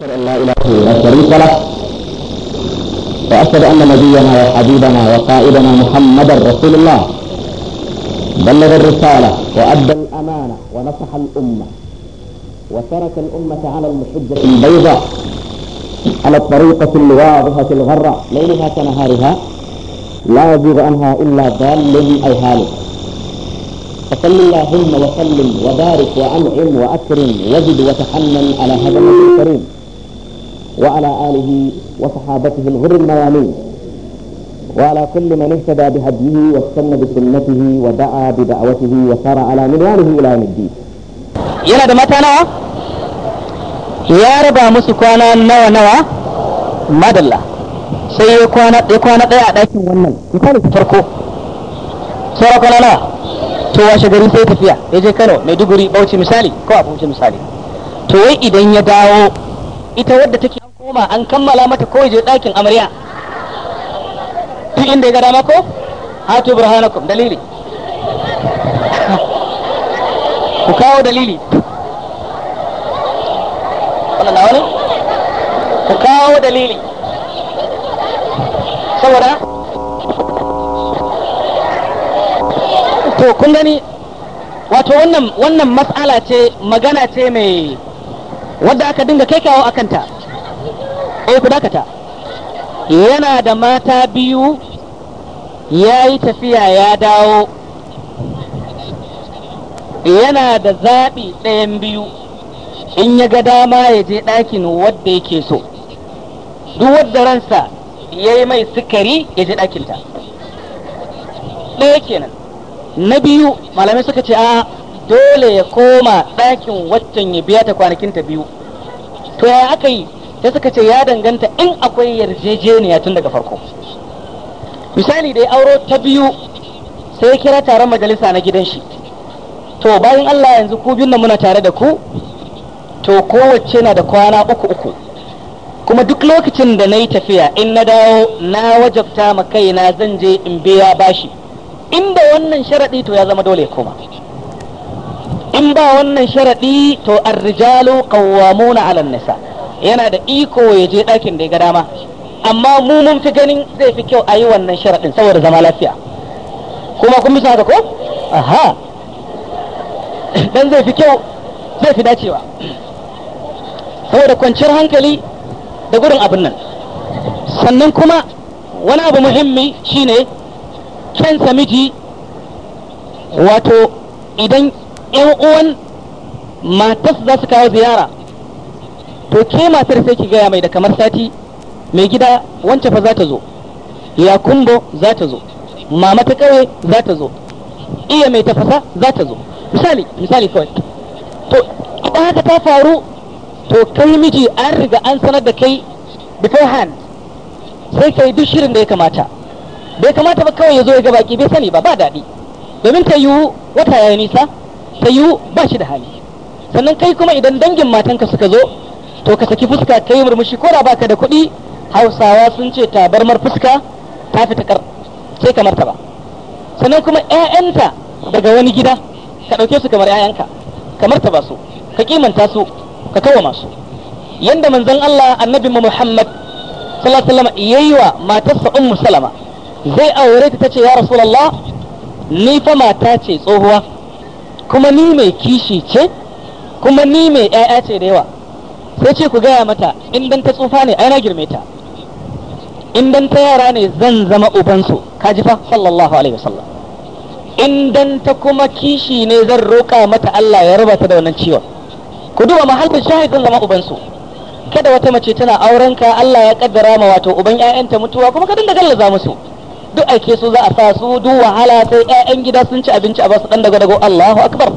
واشهد ان لا اله الا شريك له واشهد ان نبينا وحبيبنا وقائدنا محمدا رسول الله بلغ الرساله وادى الامانه ونصح الامه وترك الامه على المحجه البيضاء على الطريقه الواضحه الغرة ليلها كنهارها لا يزيغ عنها الا ضال او هالك فصل اللهم وسلم وبارك وانعم واكرم وزد وتحنن على هذا الكريم وعلى آله وصحابته الغر الموامين وعلى كل من اهتدى بهديه واستنى بسنته ودعا بدعوته وسار على منواله الى يوم الدين. يلا ده متى نوى؟ يا رب مسكوانا نوى نوى ما دلا سي يكوانا يكوانا ضيع لكن ونن يكون تركو سورة كنا نوى تو واش غير سي تفيا يجي كانوا ميدوغوري بوشي مثالي كو ابوشي مثالي تو اي دنيا داو ita wadda take koma an kammala mata ko je ɗakin amarya duk inda ya ga dama ko hatu burhanakum dalili ku kawo dalili wannan na wani ku kawo dalili saboda to kun gani wato wannan wannan mas'ala ce magana ce mai wadda aka dinga kai kawo akanta eh ku dakata yana da mata biyu ya yi tafiya ya dawo yana da zaɓi ɗayan biyu in ya ga dama ya je ɗakin wadda yake so duk wadda ransa ya yi mai sukari ya je ɗakinta ɗaya kenan na biyu malamai suka ce a dole ya koma ɗakin waccan ya biya ta kwanakinta biyu to ya aka yi ta suka ce ya danganta in akwai yarjejeniya tun daga farko misali da ya auro ta biyu sai kira taron majalisa na gidan shi to bayan Allah yanzu ku biyun muna tare da ku to kowace na da kwana uku uku kuma duk lokacin da na yi tafiya in na dawo na wajabta ma kaina zan je in biya bashi inda wannan sharaɗi to ya zama dole koma in ba wannan sharaɗi to arrijalu qawwamuna 'alan nisa' yana da iko ya je ɗakin da ya ga dama amma mu mun fi ganin zai fi kyau a yi wannan sharaɗin saboda zama lafiya kuma kun bisa haka ko aha dan zai fi kyau zai fi dacewa saboda kwanciyar hankali da gudun abin nan sannan kuma wani abu muhimmi shine kyan samiji wato idan 'yan uwan matas za su kawo ziyara to ke matar sai ki gaya mai da kamar sati mai gida wance fa za ta zo ya kumbo za ta zo mama ta kawai za ta zo iya mai tafasa za ta zo misali misali kawai to idan haka ta faru to kai miji an riga an sanar da kai beforehand sai kai duk shirin da ya kamata bai kamata ba kawai ya zo ya ga baki bai sani ba ba daɗi domin ta yiwu wata ya nisa ta yiwu ba shi da hali sannan kai kuma idan dangin matanka suka zo to ka saki fuska ka yi murmushi ko da baka da kuɗi hausawa sun ce mar fuska ta fita kar sai kamar ta ba sannan kuma ƴaƴanta daga wani gida ka ɗauke su kamar ƴaƴanka kamar ta ba su ka kimanta su ka kawama su yanda manzon Allah annabi Muhammad sallallahu alaihi wasallam yayiwa wa matarsa ummu salama zai aure ta tace ya rasulullah ni fa mata ce tsohuwa kuma ni mai kishi ce kuma ni mai ƴaƴa ce da yawa sai ce ku gaya mata in dan ta tsufa ne ai na girme ta in dan ta yara ne zan zama ubansu kaji fa sallallahu alaihi wasallam in dan ta kuma kishi ne zan roƙa mata Allah ya raba ta da wannan ciwon ku duba mahallin shahid zan zama ubansu kada wata mace tana auren ka Allah ya kaddara ma wato uban ƴaƴanta mutuwa kuma ka dinga gallaza musu duk aike su za a sa su duk wahala sai ƴaƴan gida sun ci abinci a basu dan daga dago Allahu akbar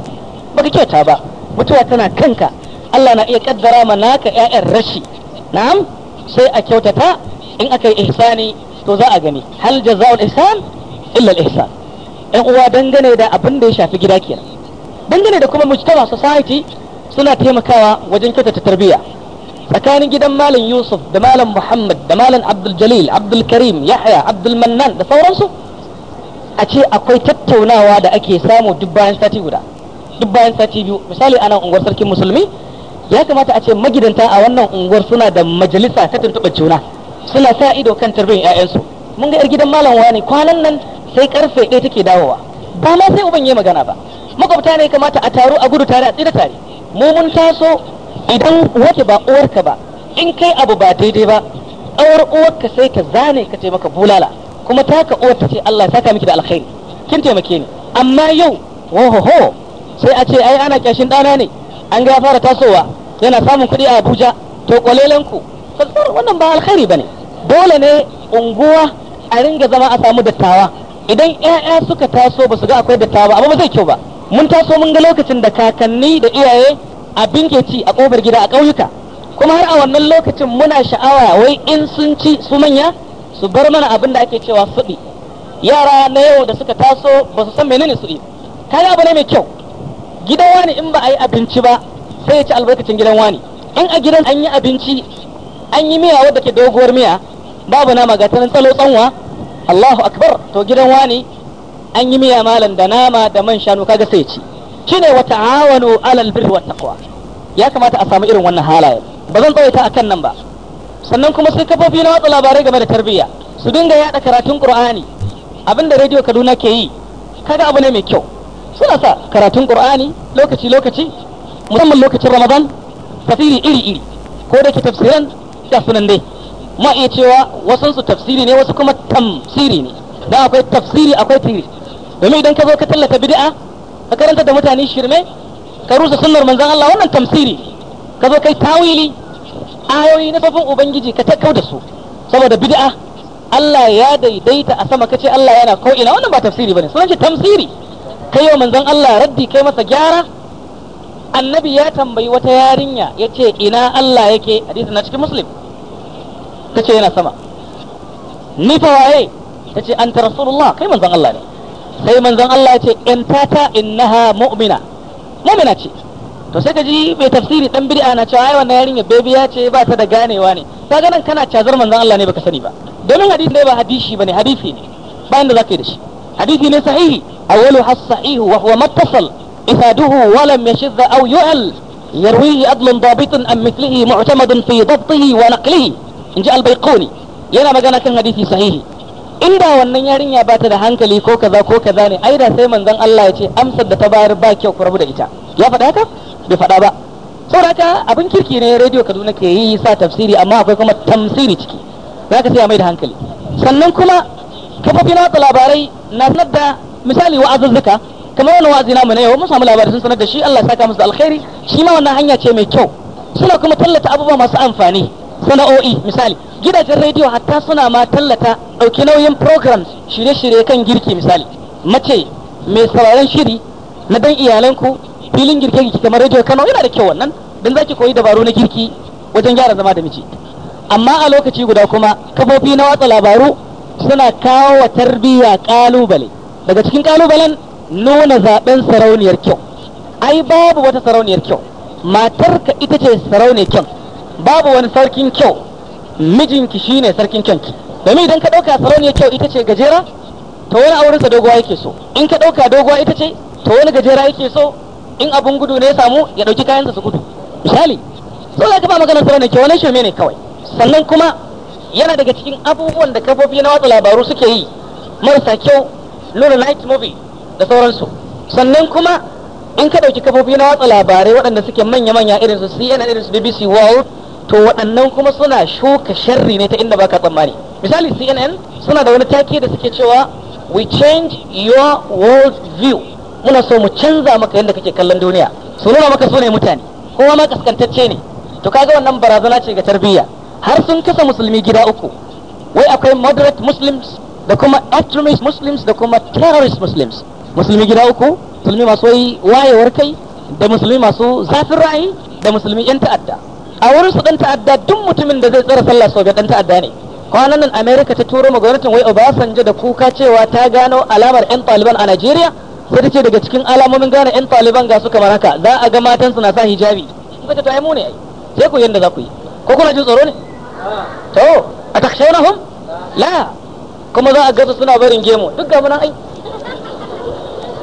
baka kyauta ba mutuwa tana kanka Allah na iya kaddara ma naka ƴaƴan rashi na'am sai a kyautata in aka yi ihsani to za a gani hal jazaa'ul ihsan illa al ihsan ƴan uwa dangane da abin da ya shafi gida kenan dangane da kuma mujtama society suna taimakawa wajen kyautata tarbiyya tsakanin gidan malam yusuf da malam muhammad da malam abdul jalil abdul karim yahya abdul mannan da sauransu a ce akwai tattaunawa da ake samu duk bayan sati guda duk bayan sati biyu misali anan unguwar sarkin musulmi ya kamata a ce magidanta a wannan unguwar suna da majalisa ta tuntuɓa juna suna sa ido kan tarbiyyar 'ya'yansu mun ga 'yar gidan malam wani kwanan nan sai karfe ɗaya take dawowa ba ma sai uban yi magana ba makwabta ne kamata a taru a gudu tare a tsira tare mu mun taso idan wace ba uwarka ba in kai abu ba daidai ba awar uwarka sai ka zane ka ce maka bulala kuma taka uwar ta ce Allah saka miki da alkhairi kin taimake ni amma yau ho sai a ce ai ana kyashin ɗana ne an ga ya fara tasowa yana samun kuɗi a Abuja to kwalelen ku wannan ba alkhairi bane dole ne unguwa a ringa zama a samu dattawa idan 'ya'ya suka taso ba su ga akwai dattawa ba amma ba zai kyau ba mun taso mun ga lokacin da kakanni da iyaye abin ke ci a kofar gida a ƙauyuka kuma har a wannan lokacin muna sha'awa wai in sun ci su manya su bar mana abin da ake cewa suɗi yara na yau da suka taso ba su san menene suɗi kaga abu ne mai kyau gidan wani in ba a yi abinci ba sai ya ci albarkacin gidan wani in a gidan an yi abinci an yi miya wadda ke doguwar miya babu nama ga tanan tsalo tsanwa Allahu akbar to gidan wani an yi miya malam da nama da man shanu kaga sai ya ci shine wa ta'awanu alal birri wat taqwa ya kamata a samu irin wannan halaye ba zan tsawaita akan nan ba sannan kuma sai kafofi na watsa labarai game da tarbiyya su dinga yada karatun qur'ani abinda rediyo Kaduna ke yi kaga abu ne mai kyau suna sa karatun qur'ani lokaci lokaci musamman lokacin ramadan tafsiri iri iri ko da ke tafsiran da sunan dai ma iya cewa wasu su tafsiri ne wasu kuma tamsiri ne da akwai tafsiri akwai tiri domin idan ka zo ka tallata bid'a ka karanta da mutane shirme ka rusa sunnar manzon Allah wannan tamsiri ka zo kai tawili ayoyi na fafin ubangiji ka ta da su saboda bid'a Allah ya daidaita a sama kace Allah yana ko ina wannan ba tafsiri bane sunan shi tamsiri kai wa manzon Allah raddi kai masa gyara annabi ya tambayi wata yarinya ya ce ina Allah yake hadisi na cikin muslim ta ce yana sama ni fa waye ta ce anta rasulullah kai manzon Allah ne sai manzon Allah ya ce in tata innaha mu'mina mu'mina ce to sai ka ji mai tafsiri dan bid'a na cewa ai wannan yarinya ya ce ba ta da ganewa ne ka ganin kana cazar manzon Allah ne baka sani ba domin hadisi ne ba hadisi bane hadisi ne bayan da zaka yi da shi حديث ليس صحيح أولها الصحيح وهو ما اتصل إفاده ولم يشذ أو يؤل يرويه أدل ضابط أم مثله معتمد في ضبطه ونقله إن جاء البيقوني ما كان كان حديث صحيح ان ذا wannan yarinya ba ta da hankali ko kaza ko kaza ne ai da sai manzon Allah ya ce amsar da ta bayar ba kyau ku rabu da ita ya faɗa haka bai faɗa ba saboda haka abin kirki ne radio Kaduna ke yi sa tafsiri amma akwai kuma tamsiri ciki zaka sai mai da hankali sannan kuma kafafin labarai na da misali wa'azuzzuka kamar wani wa'azi namu na yau mun samu labarai sun sanar da shi Allah ya saka musu da alkhairi shi ma wannan hanya ce mai kyau suna kuma tallata abubuwa masu amfani sana'o'i misali gidajen rediyo hatta suna ma tallata ɗauki nauyin programs shirye-shirye kan girki misali mace mai sauraron shiri na dan iyalanku filin girke-girke kamar rediyo kano yana da kyau wannan dan zaki koyi dabaru na girki wajen gyara zama da miji amma a lokaci guda kuma kafofi na watsa labaru suna kawo wa tarbiyya kalubale daga cikin kalubalen nuna zaben sarauniyar kyau ai babu wata sarauniyar kyau matarka ita ce sarauniyar kyau babu wani sarkin kyau mijinki shine sarkin kyanki domin idan ka dauka sarauniyar kyau ita ce gajera to wani aurensa doguwa yake so in ka dauka doguwa ita ce to wani gajera yake so in abun gudu ne ya samu ya dauki kayansa su gudu misali so za ka ba maganar sarauniyar kyau wani shi ne kawai sannan kuma yana daga cikin abubuwan da kafofi na watsa labaru suke yi marasa kyau nuna night movie da sauransu sannan kuma in ka ɗauki kafofi na watsa labarai waɗanda suke manya-manya irin su CNN irin BBC World to waɗannan kuma suna shuka sharri ne ta inda baka tsammani misali CNN suna da wani take da suke cewa we change your world view muna so mu canza maka yadda kake kallon duniya su nuna maka sune mutane kowa ma kaskantacce ne to kaga wannan barazana ce ga tarbiyya har sun kasa musulmi gida uku wai akwai moderate muslims da kuma extremist muslims da kuma terrorist muslims musulmi gida uku musulmi masu wayewar kai da musulmi masu zafin ra'ayi da musulmi yan ta'adda a wurin su dan ta'adda duk mutumin da zai tsara sallah sau dan ta'adda ne kwanan nan america ta turo ma gwamnatin wai obasanjo da kuka cewa ta gano alamar yan taliban a nigeria sai ta ce daga cikin alamomin gane yan taliban ga su kamar haka za a ga matan suna sa hijabi kuka ta mu ne ai sai ku yanda za ku yi ko kuna jin tsoro ne to a takshaunahum la kuma za a gasa suna barin gemu duk ga munan ai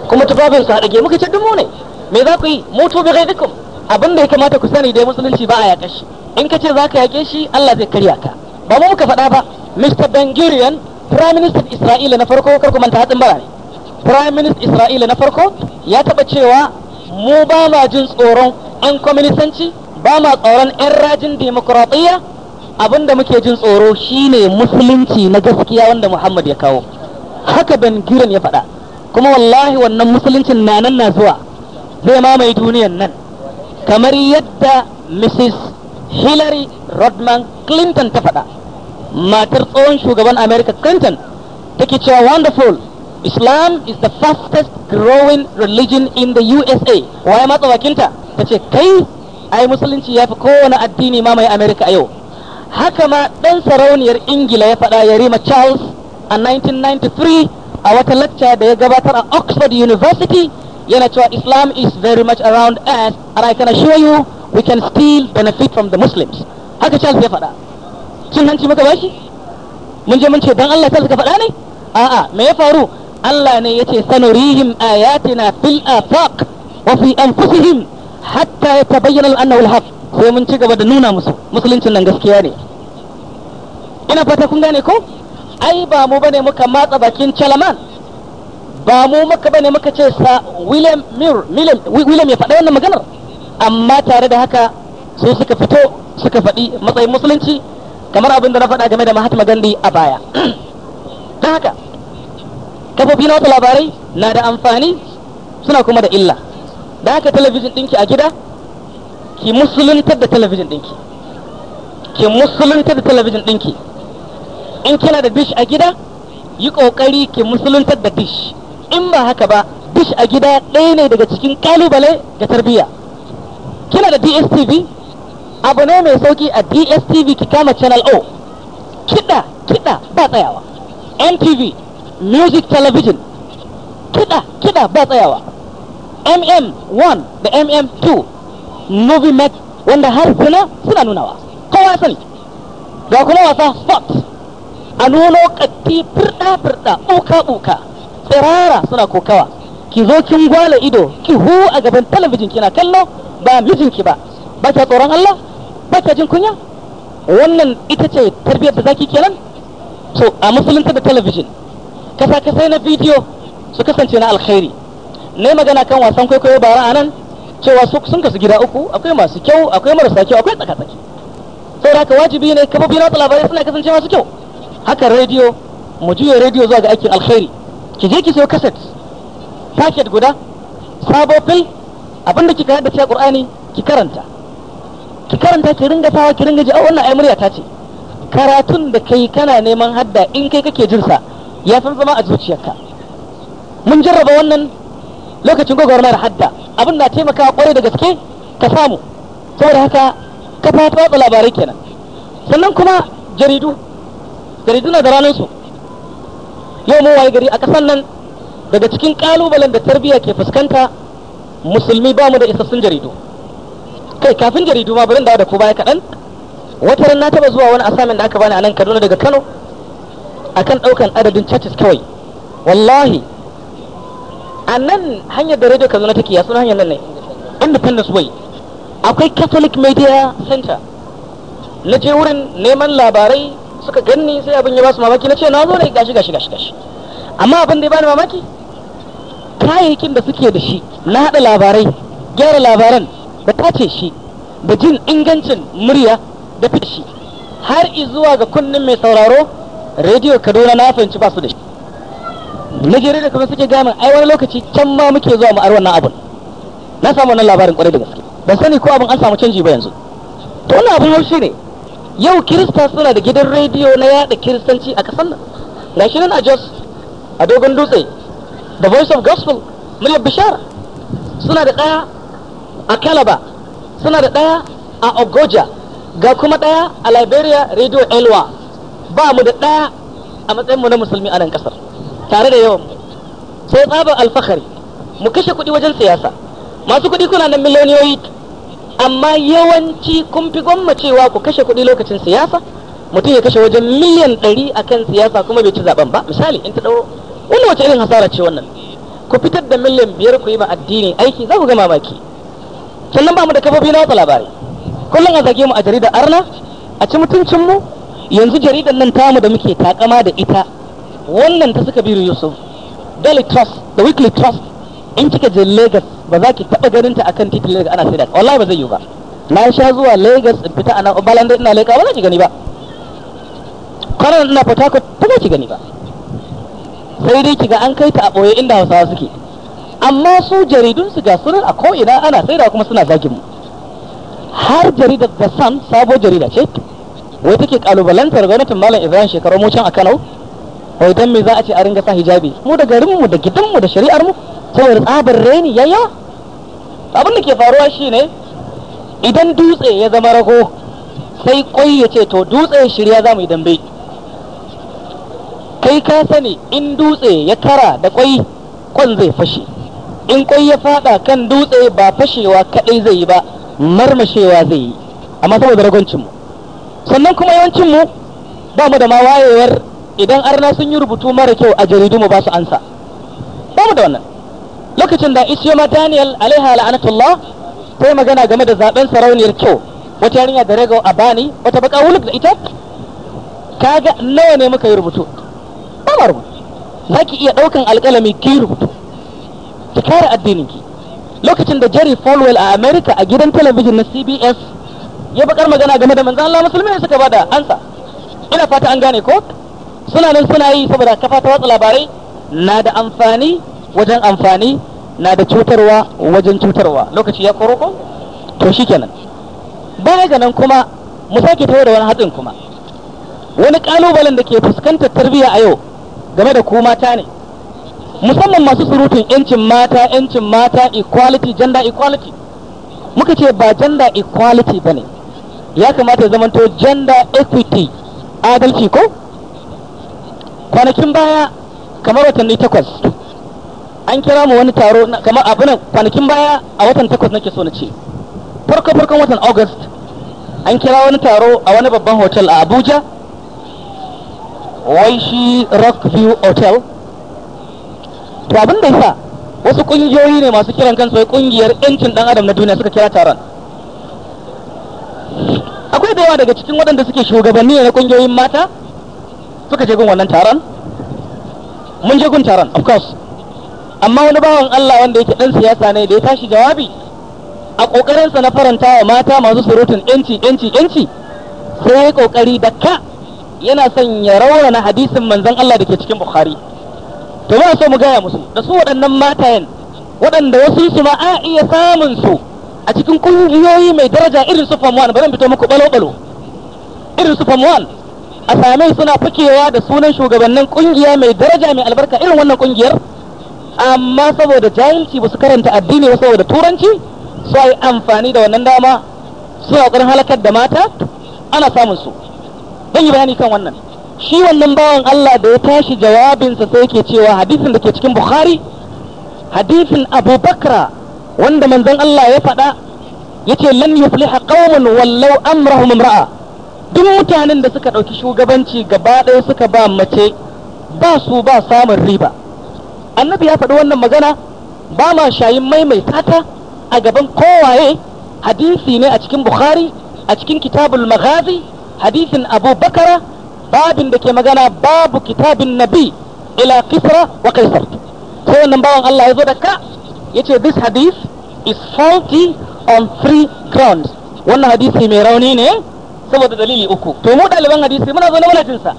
kuma tufafin su haɗa gemu ce dumu ne me za ku yi mutu bi ghaizikum abin da ya kamata ku sani dai musulunci ba a yaƙa shi in ka ce za ka yaƙe shi Allah zai karya ka ba mu muka faɗa ba Mr. Ben Gurion Prime Minister Isra'ila na farko kar ku manta hatsin bara ne Prime Minister Isra'ila na farko ya taɓa cewa mu ba ma jin tsoron an kwaminisanci ba ma tsoron 'yan rajin demokuraɗiyya abin da muke jin tsoro shine musulunci na gaskiya wanda Muhammad ya kawo haka Ben Giran ya faɗa kuma wallahi wannan musuluncin na nan na zuwa zai mamaye duniyan nan kamar yadda Mrs. Hillary Rodman Clinton ta faɗa matar tsohon shugaban America Clinton take cewa wonderful Islam is the fastest growing religion in the USA waye matsawakinta ta ce kai ai musulunci ya fi kowane addini mamaye America a yau haka ma ɗan sarauniyar ingila ya faɗa ya rima charles a 1993 a wata lacca da ya gabatar a oxford university yana cewa islam is very much around us and i can assure you we can still benefit from the muslims haka charles ya faɗa cin hanci muka bashi mun je mun ce dan allah charles ka faɗa ne a'a me ya faru allah ne ya ce sanurihim ayatina fil afaq wa fi anfusihim hatta ya tabayyana annahu alhaq haq sai mun ci gaba da nuna musu musuluncin nan gaskiya ne ina fata kun gane ko ai ba mu bane muka matsa bakin chalaman ba mu muka bane muka ce sa William Mir William William ya faɗa wannan maganar amma tare da haka sai suka fito suka faɗi matsayin musulunci kamar abin da na faɗa game da Mahatma Gandhi a baya don haka kafofi na wata labarai na da amfani suna kuma da illa da haka talabijin ɗinki a gida ki musuluntar da talabijin ɗinki ki musuluntar da talabijin ɗinki in kina da dish a gida yi ƙoƙari ki musuluntar da dish in ba haka ba dish a gida ɗaya ne daga cikin ƙalubale ga tarbiyya kina da dstv abu ne mai sauki a dstv ki kama channel o kiɗa kiɗa ba tsayawa mtv music television kiɗa kiɗa ba tsayawa mm1 da mm2 novimet wanda harsuna suna suna nunawa kowa sani ga kuma wasa sport a nuno katti firɗa-firɗa, uka uka tsirara suna kokawa ki zo kin gwala ido ki hu a gaban talabijin kina kallo ba mijinki ba ba ta tsoron Allah ba ta jin kunya wannan ita ce tarbiyyar da zaki kenan to a musulunta da talabijin kasa kasai na bidiyo su kasance na alkhairi ne magana kan wasan kwaikwayo bara anan cewa sun kasu gida uku akwai masu kyau akwai marasa kyau akwai tsaka-tsaki da haka wajibi ne kafofi na labarai suna kasance masu kyau haka rediyo mu juya rediyo zuwa ga aikin alkhairi ki je ki sayo kaset paket guda sabo fil abinda kika yadda cewa qur'ani ki karanta ki karanta ki ringa sawa ki ringa ji a wannan ai murya ta ce karatun da kai kana neman hadda in kai kake jin ya san zama a zuciyarka mun jarraba wannan lokacin gwagwarmayar hadda abin na taimakawa kwarai da gaske ka samu saboda haka ka fata labarai kenan sannan kuma jaridu jaridu na da ranar su yau mun waye gari a kasan nan daga cikin kalubalen da tarbiyya ke fuskanta musulmi ba mu da isassun jaridu kai kafin jaridu ma bari dawo da ku baya kaɗan wata ran na taɓa zuwa wani asamin da aka bani a nan kaduna daga kano akan ɗaukan adadin churches kawai wallahi a nan hanyar da radio kaduna take ya suna hanyar nan ne independence way akwai catholic media center na je wurin neman labarai suka ganni sai abin ya ba su mamaki na ce na zo ne gashi gashi gashi gashi amma abin da ya bani mamaki kayayyakin da suke da shi na haɗa labarai gyara labaran da tace shi da jin ingancin murya da fi shi har izuwa ga kunnen mai sauraro rediyo kaduna na fahimci ba su da shi nigeri da kuma suke gama ai wani lokaci can ma muke zuwa mu wannan abun na samu wannan labarin kwarai da gaske ban sani ko abun an samu canji ba yanzu to wannan abun haushi ne yau kirista suna da gidan rediyo na yada kiristanci a kasan nan ga shi a jos a dogon dutse the voice of gospel muryar bishara suna da daya a kalaba suna da ɗaya a ogoja ga kuma ɗaya a liberia radio elwa ba mu da ɗaya a matsayinmu na musulmi a nan kasar tare da yawan mu sai tsabar alfahari mu kashe kuɗi wajen siyasa masu kuɗi kuna nan miliyoniyoyi amma yawanci kun fi cewa ku kashe kuɗi lokacin siyasa mutum ya kashe wajen miliyan ɗari akan siyasa kuma bai ci zaben ba misali in ta ɗau wani wace irin hasara ce wannan ku fitar da miliyan biyar ku yi ma addini aiki za ku ga mamaki sannan ba mu da kafofi na wata labarai kullum a zage mu a jaridar arna a ci mutuncin mu yanzu jaridar nan tamu da muke takama da ita wannan ta suka biyu yusuf daily trust da weekly trust in kika je lagos ba za ki taɓa ganin ta akan titin lagos ana saida wallahi ba zai yiwu ba na sha zuwa lagos in fita ana balan da ina lagos ba za ki gani ba kwanan ina port harcourt ba za ki gani ba sai dai kiga an kai ta a ɓoye inda hausawa suke amma su jaridun su ga sunan a ko'ina ana saida kuma suna zagin mu har jaridar the sun sabo jarida ce wai take kalubalantar gwamnatin malam ibrahim shekaru mu can a kano wai dan me za a ce a ringa sa hijabi mu da garinmu da gidanmu da shari'ar mu saboda tsabar reni yayya abin da ke faruwa shine idan dutse ya zama rago sai kwai ya ce to dutse shirya za mu yi dambe kai ka sani in dutse ya kara da kwai kon zai fashe in kwai ya fada kan dutse ba fashewa kadai zai yi ba marmashewa zai yi amma saboda mu sannan kuma yawancinmu ba mu da ma wayewar idan arna sun yi rubutu mara kyau a jaridu mu ba su ansa ba mu da wannan lokacin da ma daniel alaiha la'anatullah ta yi magana game da zaben sarauniyar kyau wata yarinya da rego a bani wata baka wuluk da ita kaga nawa ne muka yi rubutu ba mu rubutu za ki iya ɗaukan alƙalami ki rubutu ki kare addinin ki lokacin da Jerry Falwell a America a gidan talabijin na CBS ya bakar magana game da manzan Allah musulmi suka bada ansa ina fata an gane ko suna nan suna yi saboda kafa ta watsa labarai na da amfani wajen amfani na da cutarwa wajen cutarwa lokaci ya koro ko to kenan baya ga nan kuma mu sake tawo da wani hatsin kuma wani kalubalen da ke fuskantar tarbiyya a yau game da ku mata ne musamman masu surutun yancin mata yancin mata equality gender equality muka ce ba gender equality bane ya kamata ya zamanto gender equity adalci ko kwanakin baya kamar watanni takwas an kira mu wani taro kamar abinan kwanakin baya a watan takwas nake so na ce farko farkon watan august an kira wani taro a wani babban hotel a abuja wai shi rockview hotel to abin da yasa wasu kungiyoyi ne masu kiran kansu wai kungiyar yancin dan adam na duniya suka kira taron akwai da yawa daga cikin waɗanda suke shugabanni ne na kungiyoyin mata suka je gun wannan taron mun je gun taron of course amma wani bawan Allah wanda yake dan siyasa ne da ya tashi jawabi a kokarinsa na faranta wa mata masu surutun yanci yanci yanci sai ya kokari da ka yana son ya raurana hadisin manzon Allah da ke cikin Bukhari to ba so mu gaya musu da su waɗannan matayen waɗanda wasu su ma a iya samun su a cikin kungiyoyi mai daraja irin su form 1 bari fito muku balo balo irin su form 1 asamai suna fakewa da sunan shugabannin kungiya mai daraja mai albarka irin wannan kungiyar amma saboda jahilci ba su karanta addini ba saboda turanci su yi amfani da wannan dama su kokarin halakar da mata ana samun su ban yi bayani kan wannan shi wannan bawan Allah da ya tashi jawabinsa sai ke cewa hadisin da ke cikin Bukhari hadisin Abu Bakra wanda manzon Allah ya faɗa yace lan yufliha qaumun wallau amrahum imra'a duk mutanen da suka ɗauki shugabanci gaba ɗaya suka ba mace ba su ba samun riba annabi ya faɗi wannan magana ba ma shayin maimaita ta a gaban kowaye hadisi ne a cikin bukhari a cikin kitabul maghazi hadisin abu bakara babin da ke magana babu kitabin nabi ila kisra wa kaisar sai wannan bawan Allah ya zo da ka ya ce this hadith is faulty on three grounds wannan hadisi mai rauni ne saboda dalili uku to mu ɗaliban hadisi muna zaune muna jinsa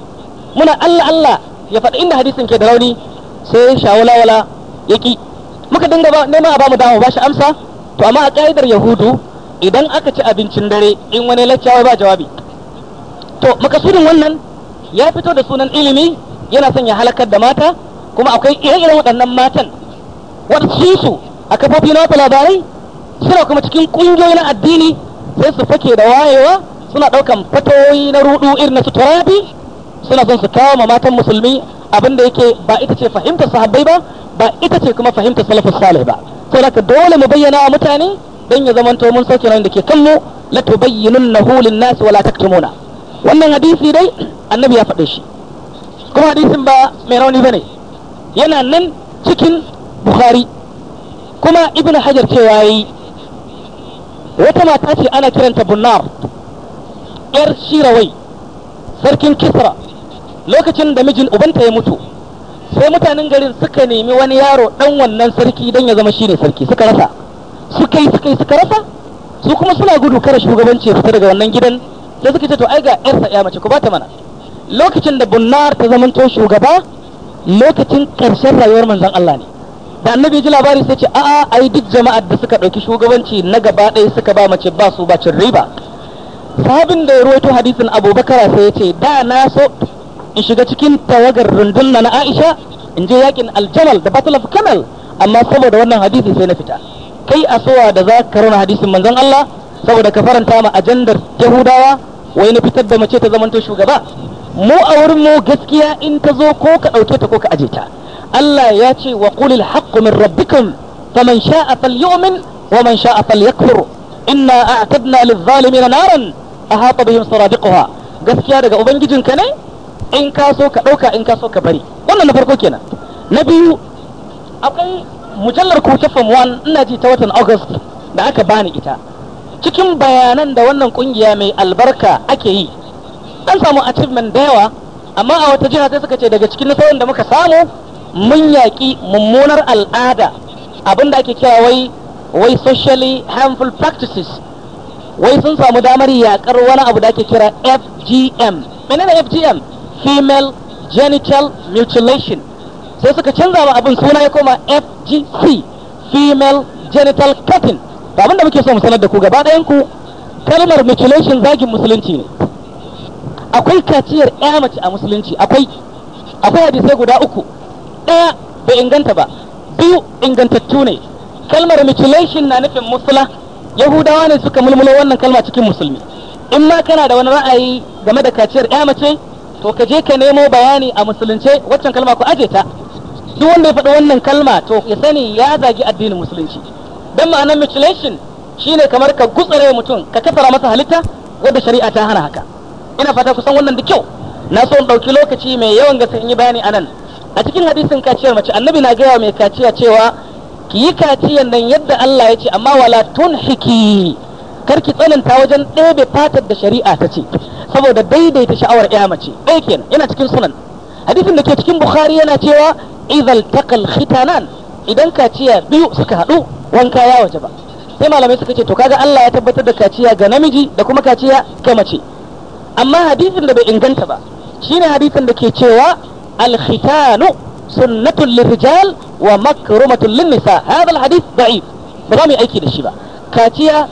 muna Allah Allah ya faɗi inda hadisin ke da rauni sai ya shawala wala ya ki muka dinga ba nema a bamu dama ba shi amsa to amma a ka'idar yahudu idan aka ci abincin dare in wani laccawa ba jawabi to makasudin wannan ya fito da sunan ilimi yana son ya halakar da mata kuma akwai ire-iren waɗannan matan waɗansu su a kafofi na wata labarai suna kuma cikin ƙungiyoyi na addini sai su fake da wayewa suna ɗaukan fatoyi na rudu irin na su turabi suna son su kawo ma matan musulmi abin da yake ba ita ce fahimtar sahabbai ba ba ita ce kuma fahimtar salafus salih ba dole mu bayyana wa mutane dan ya zamanto mun sauke nan da ke kanmu la tubayyinunnahu lin-nas wala taktumuna wannan hadisi dai annabi ya faɗe shi kuma hadisin ba mai rauni bane yana nan cikin bukhari kuma ibnu hajar cewa yayi wata mata ce ana kiranta bunnar yar shirawai sarkin kisra lokacin da mijin ubanta ya mutu sai mutanen garin suka nemi wani yaro ɗan wannan sarki don ya zama shine sarki suka rasa suka yi suka yi suka rasa su kuma suna gudu kare shugabanci ya fita daga wannan gidan da suka ce to ai ga yarsa ya mace ku ba ta mana lokacin da bunnar ta zamanto shugaba lokacin karshen rayuwar manzon Allah ne da annabi ji labari sai ce a'a ai duk jama'ar da suka ɗauki shugabanci na gaba ɗaya suka ba mace ba su ba cin riba sabin da ya ruwaito hadisin abubakar sai ya ce da na so in shiga cikin tawagar rundunna na aisha in je yakin aljamal da battle of kamal amma saboda wannan hadisi sai na fita kai asowa da za ka rauna hadisin manzon Allah saboda ka faranta ma ajandar yahudawa wai na fitar da mace ta zamanto shugaba mu a wurin mu gaskiya in ta zo ko ka ɗauke ta ko ka aje ta Allah ya ce wa qulil haqqu min rabbikum faman sha'a falyu'min wa man sha'a falyakfur inna a'tadna lil na naran ahata bihim saradiquha gaskiya daga ka ne in ka so ka ɗauka in ka so ka bari wannan na farko kenan na biyu akwai mujallar kutafan wan ina ji ta watan august da aka bani ita cikin bayanan da wannan kungiya mai albarka ake yi an samu achievement da yawa amma a wata jiha sai suka ce daga cikin nasarar da muka samu mun mummunar al'ada abin da ake kira wai wai socially harmful practices wai sun samu damar yakar wani abu da ake kira FGM menene FGM female genital mutilation sai suka canza wa abin suna ya koma FGC female genital cutting ba abin da muke so mu sanar da ku gaba ɗayan ku kalmar mutilation zagin musulunci ne akwai kaciyar ya mace a musulunci akwai akwai hadisai guda uku ɗaya bai inganta ba biyu ingantattu ne kalmar mutilation na nufin musula yahudawa ne suka mulmula wannan kalma cikin musulmi in ma kana da wani ra'ayi game da kaciyar ya mace to ka je ka nemo bayani a musulunce waccan kalma ku aje ta duk wanda ya faɗi wannan kalma to ya sani ya zagi addinin musulunci dan ma'anar mutilation shine kamar ka gutsare mutum ka kafara masa halitta wadda shari'a ta hana haka ina fata kusan wannan da kyau na so in ɗauki lokaci mai yawan gasa in yi bayani anan a cikin hadisin kaciyar mace annabi na gaya mai kaciya cewa ki yi kaciyan nan yadda Allah ya ce amma wala tunhiki karki tsananta wajen ɗebe fatar da shari'a ta ce saboda daidaita sha'awar ya mace ɗaya kenan yana cikin sunan hadisin da ke cikin bukhari yana cewa idhal khitanan idan kaciya biyu suka haɗu wanka ya waje ba sai malamai suka ce to kaga Allah ya tabbatar da kaciya ga namiji da kuma kaciya ga mace amma hadisin da bai inganta ba shine hadisin da ke cewa al khitanu sunnatul lirijal wa makrumatun lin nisa hadha alhadith da'if ba za mu yi aiki da shi ba kaciya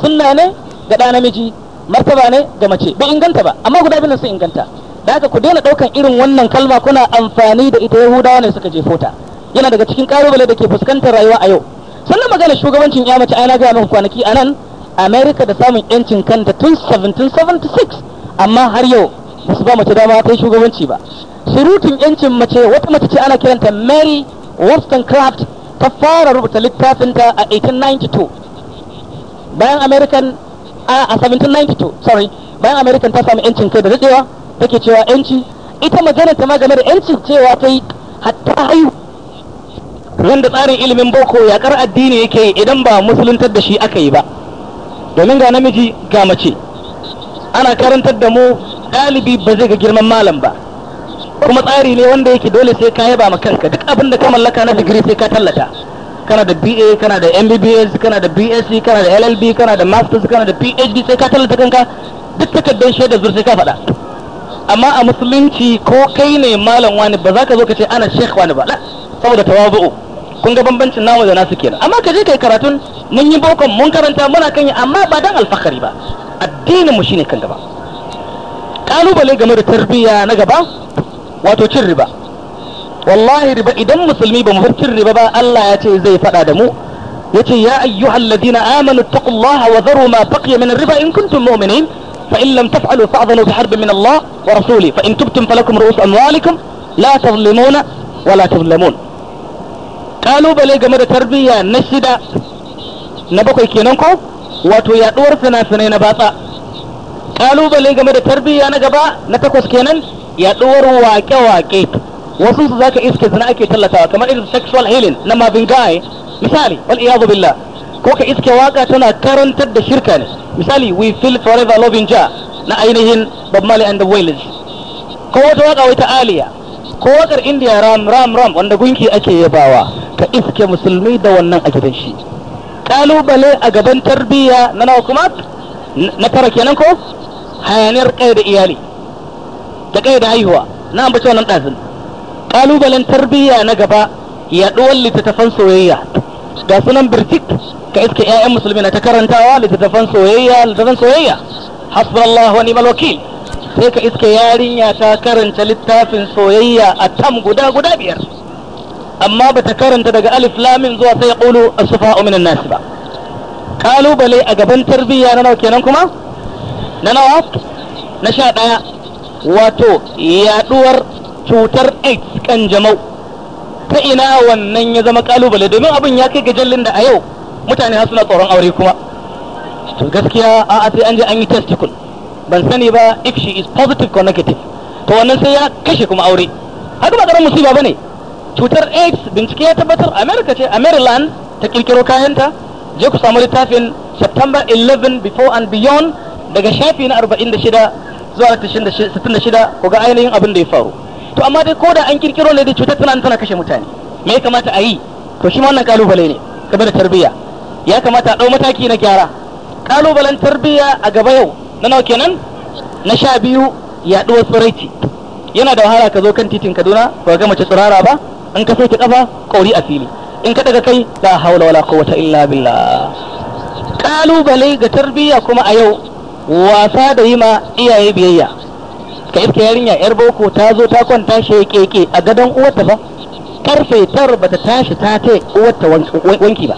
sunna ne ga da namiji martaba ne ga mace ba inganta ba amma guda biyun sun inganta da haka ku daina daukan irin wannan kalma kuna amfani da ita yahudawa ne suka jefo ta yana daga cikin kalubale da ke fuskantar rayuwa a yau sannan magana shugabancin ya mace ana gaya muku kwanaki a nan america da samun yancin kanta tun 1776 amma har yau ba su ba mace dama ta yi shugabanci ba surutun yancin mace wata mace ce ana kiranta mary Wollstonecraft ta fara rubuta littafinta a 1892 bayan American a 1792 sorry bayan American ta sami yancin kai da dadewa take cewa yanci ita magana ta ma game da yanci cewa ta yi hatta hayu wanda tsarin ilimin boko yakar addini yake idan ba musuluntar da shi aka yi ba domin ga namiji ga mace ana karantar da mu ɗalibi ba zai ga girman malam ba kuma tsari ne wanda yake dole sai ka yaba ma kanka duk abin da ka mallaka na digiri sai ka tallata kana da BA kana da MBBS kana da BSc kana da LLB kana da masters kana da PhD sai ka tallata kanka duk takardar shaidar zuwa sai ka faɗa amma a musulunci ko kai ne malam wani ba za ka zo ka ce ana sheikh wani ba saboda tawazu'u kun ga bambancin namu da nasu kenan amma ka je kai karatun mun yi bokon mun karanta muna kan yi amma ba dan alfakari ba addinin mu shine kan gaba kalubale game da tarbiyya na gaba wato cin riba wallahi riba idan musulmi ba mu bar cin riba ba Allah ya ce zai faɗa da mu yace ya ayyuhal ladina amanu taqullaha wa dharu ma baqiya min riba in kuntum mu'minin fa in lam taf'alu fa'dhanu bi harbin min Allah wa rasuli fa in tubtum falakum ru'us amwalikum la tadhlimuna wa la tuzlamun kalubale game da tarbiyya na shida na bakwai kenan ko wato yaduwar fina-finai na batsa kalubale game da tarbiyya na gaba na takwas kenan yaɗuwar wake-wake wasu su zaka iske zina ake tallatawa kamar irin sexual healing na mabin Gaye misali wal iyadu billah ko ka iske waka tana karantar da shirka ne misali we feel forever loving ja na ainihin Bob Marley and the Wailers ko wata waka wata aliya ko wakar India ram ram ram wanda gunki ake yabawa ka iske musulmi da wannan a gidan shi kalubale a gaban tarbiyya na nawa kuma na tara kenan ko hayaniyar kai da iyali Da kai da haihuwa na ambaci wannan ɗazin ƙalubalen tarbiyya na gaba yaɗuwar littattafan soyayya ga sunan birtik ka iska 'ya'yan musulmi na ta karantawa littattafan soyayya littattafan soyayya hasbunallahu wani ni'mal sai ka iska yarinya ta karanta littafin soyayya a tam guda guda biyar amma ba ta karanta daga alif lamin zuwa sai qulu a sufau minan nas ba kalubale a gaban tarbiyya na nawa kenan kuma na nawa na sha ɗaya wato yaduwar cutar AIDS kan jamau ta ina wannan ya zama kalubale domin abin ya kai ga jallin da a yau mutane har suna tsoron aure kuma to gaskiya a sai an je an yi testicle ban sani ba if she is positive or negative to wannan sai ya kashe kuma aure haka ba karamin musiba bane cutar AIDS bincike ya tabbatar America ce a Maryland ta kirkiro kayanta je ku samu littafin September 11 before and beyond daga shafi na 46 zuwa da 66 ku ga ainihin abin da ya faru to amma dai ko da an kirkiro ne da cutar tana tana kashe mutane me ya kamata a yi to shi wannan kalubale ne game da tarbiyya ya kamata a ɗau mataki na gyara kalubalen tarbiyya a gaba yau na nawa kenan na sha biyu yaɗuwar tsiraici yana da wahala ka zo kan titin kaduna ba ga mace tsirara ba in ka soke kafa kauri a fili in ka daga kai la hawla wala quwwata illa billah kalubale ga tarbiyya kuma a yau wasa da yi ma iyaye biyayya ka iska yarinya yar boko ta zo ta kwanta shi ya keke a gadon uwarta ba, karfe tar ba ta tashi ta ta uwarta wanki ba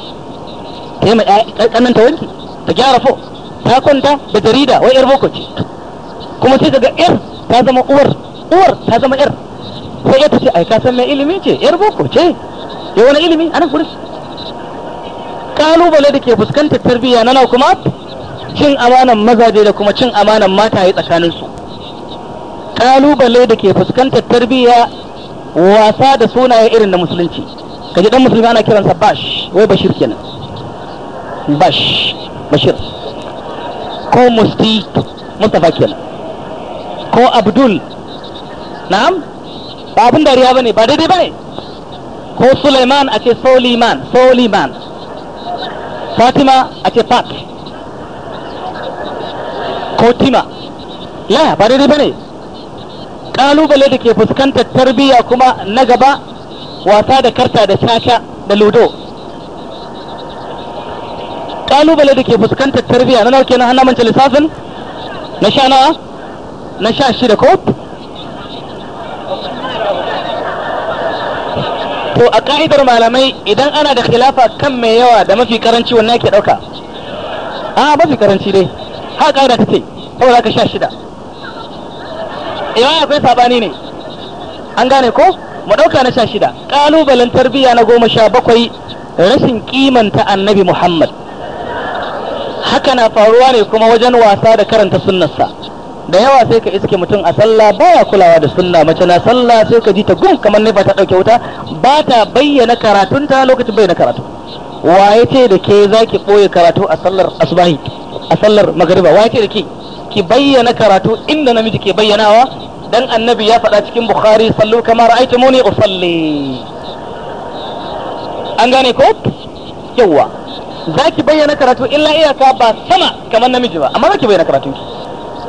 ta yi ma kananta wanki ta gyara fo ta kwanta da jarida wai yar boko ce kuma sai daga yar ta zama uwar uwar ta zama yar sai ita ce ai ka san mai ilimi ce yar boko ce ya wani ilimi anan gurin kalubale da ke fuskantar tarbiyya nana kuma cin amanan mazaje da kuma cin amanan mata ya tsakanin tsakaninsu kalubale da ke fuskantar tarbiyya wasa da sunaye irin na musulunci kaji dan musulmi ana kiransa bash wai bashir kenan bash bashir ko musti mustafa kenan ko abdul na'am ba abin dariya bane ba daidai bane ko suleiman a ce soliman soliman fatima a ce fat ko la ba daidai bane kalubale da ke fuskantar tarbiyya kuma na gaba wasa da karta da shasha da ludo kalubale da ke fuskantar tarbiyya na nauke na hannun mace lissafin na sha nawa na sha shida ko to a ka'idar malamai idan ana da khilafa kan mai yawa da mafi karanci wannan ke dauka a mafi karanci dai haka ƙa'ida ta ce za ka sha shida idan akwai sabani ne an gane ko mu ɗauka na sha shida ƙalubalen tarbiyya na goma sha bakwai rashin kimanta annabi muhammad haka na faruwa ne kuma wajen wasa da karanta sunnarsa da yawa sai ka iske mutum a sallah baya kulawa da sunna mace na sallah sai ka ji ta gum kamar ba ta ɗauke wuta ba ta bayyana karatunta lokacin bayyana karatu wa ya ce da ke za ki ɓoye karatu a sallar asubahi a sallar magariba wa ya ce da ke ki bayyana karatu inda namiji ke bayyanawa dan annabi ya faɗa cikin bukhari sallu kamar ra'aytu muni usalli an gane ko yawa za ki bayyana karatu illa iyaka ba sama kamar namiji ba amma za ki bayyana karatu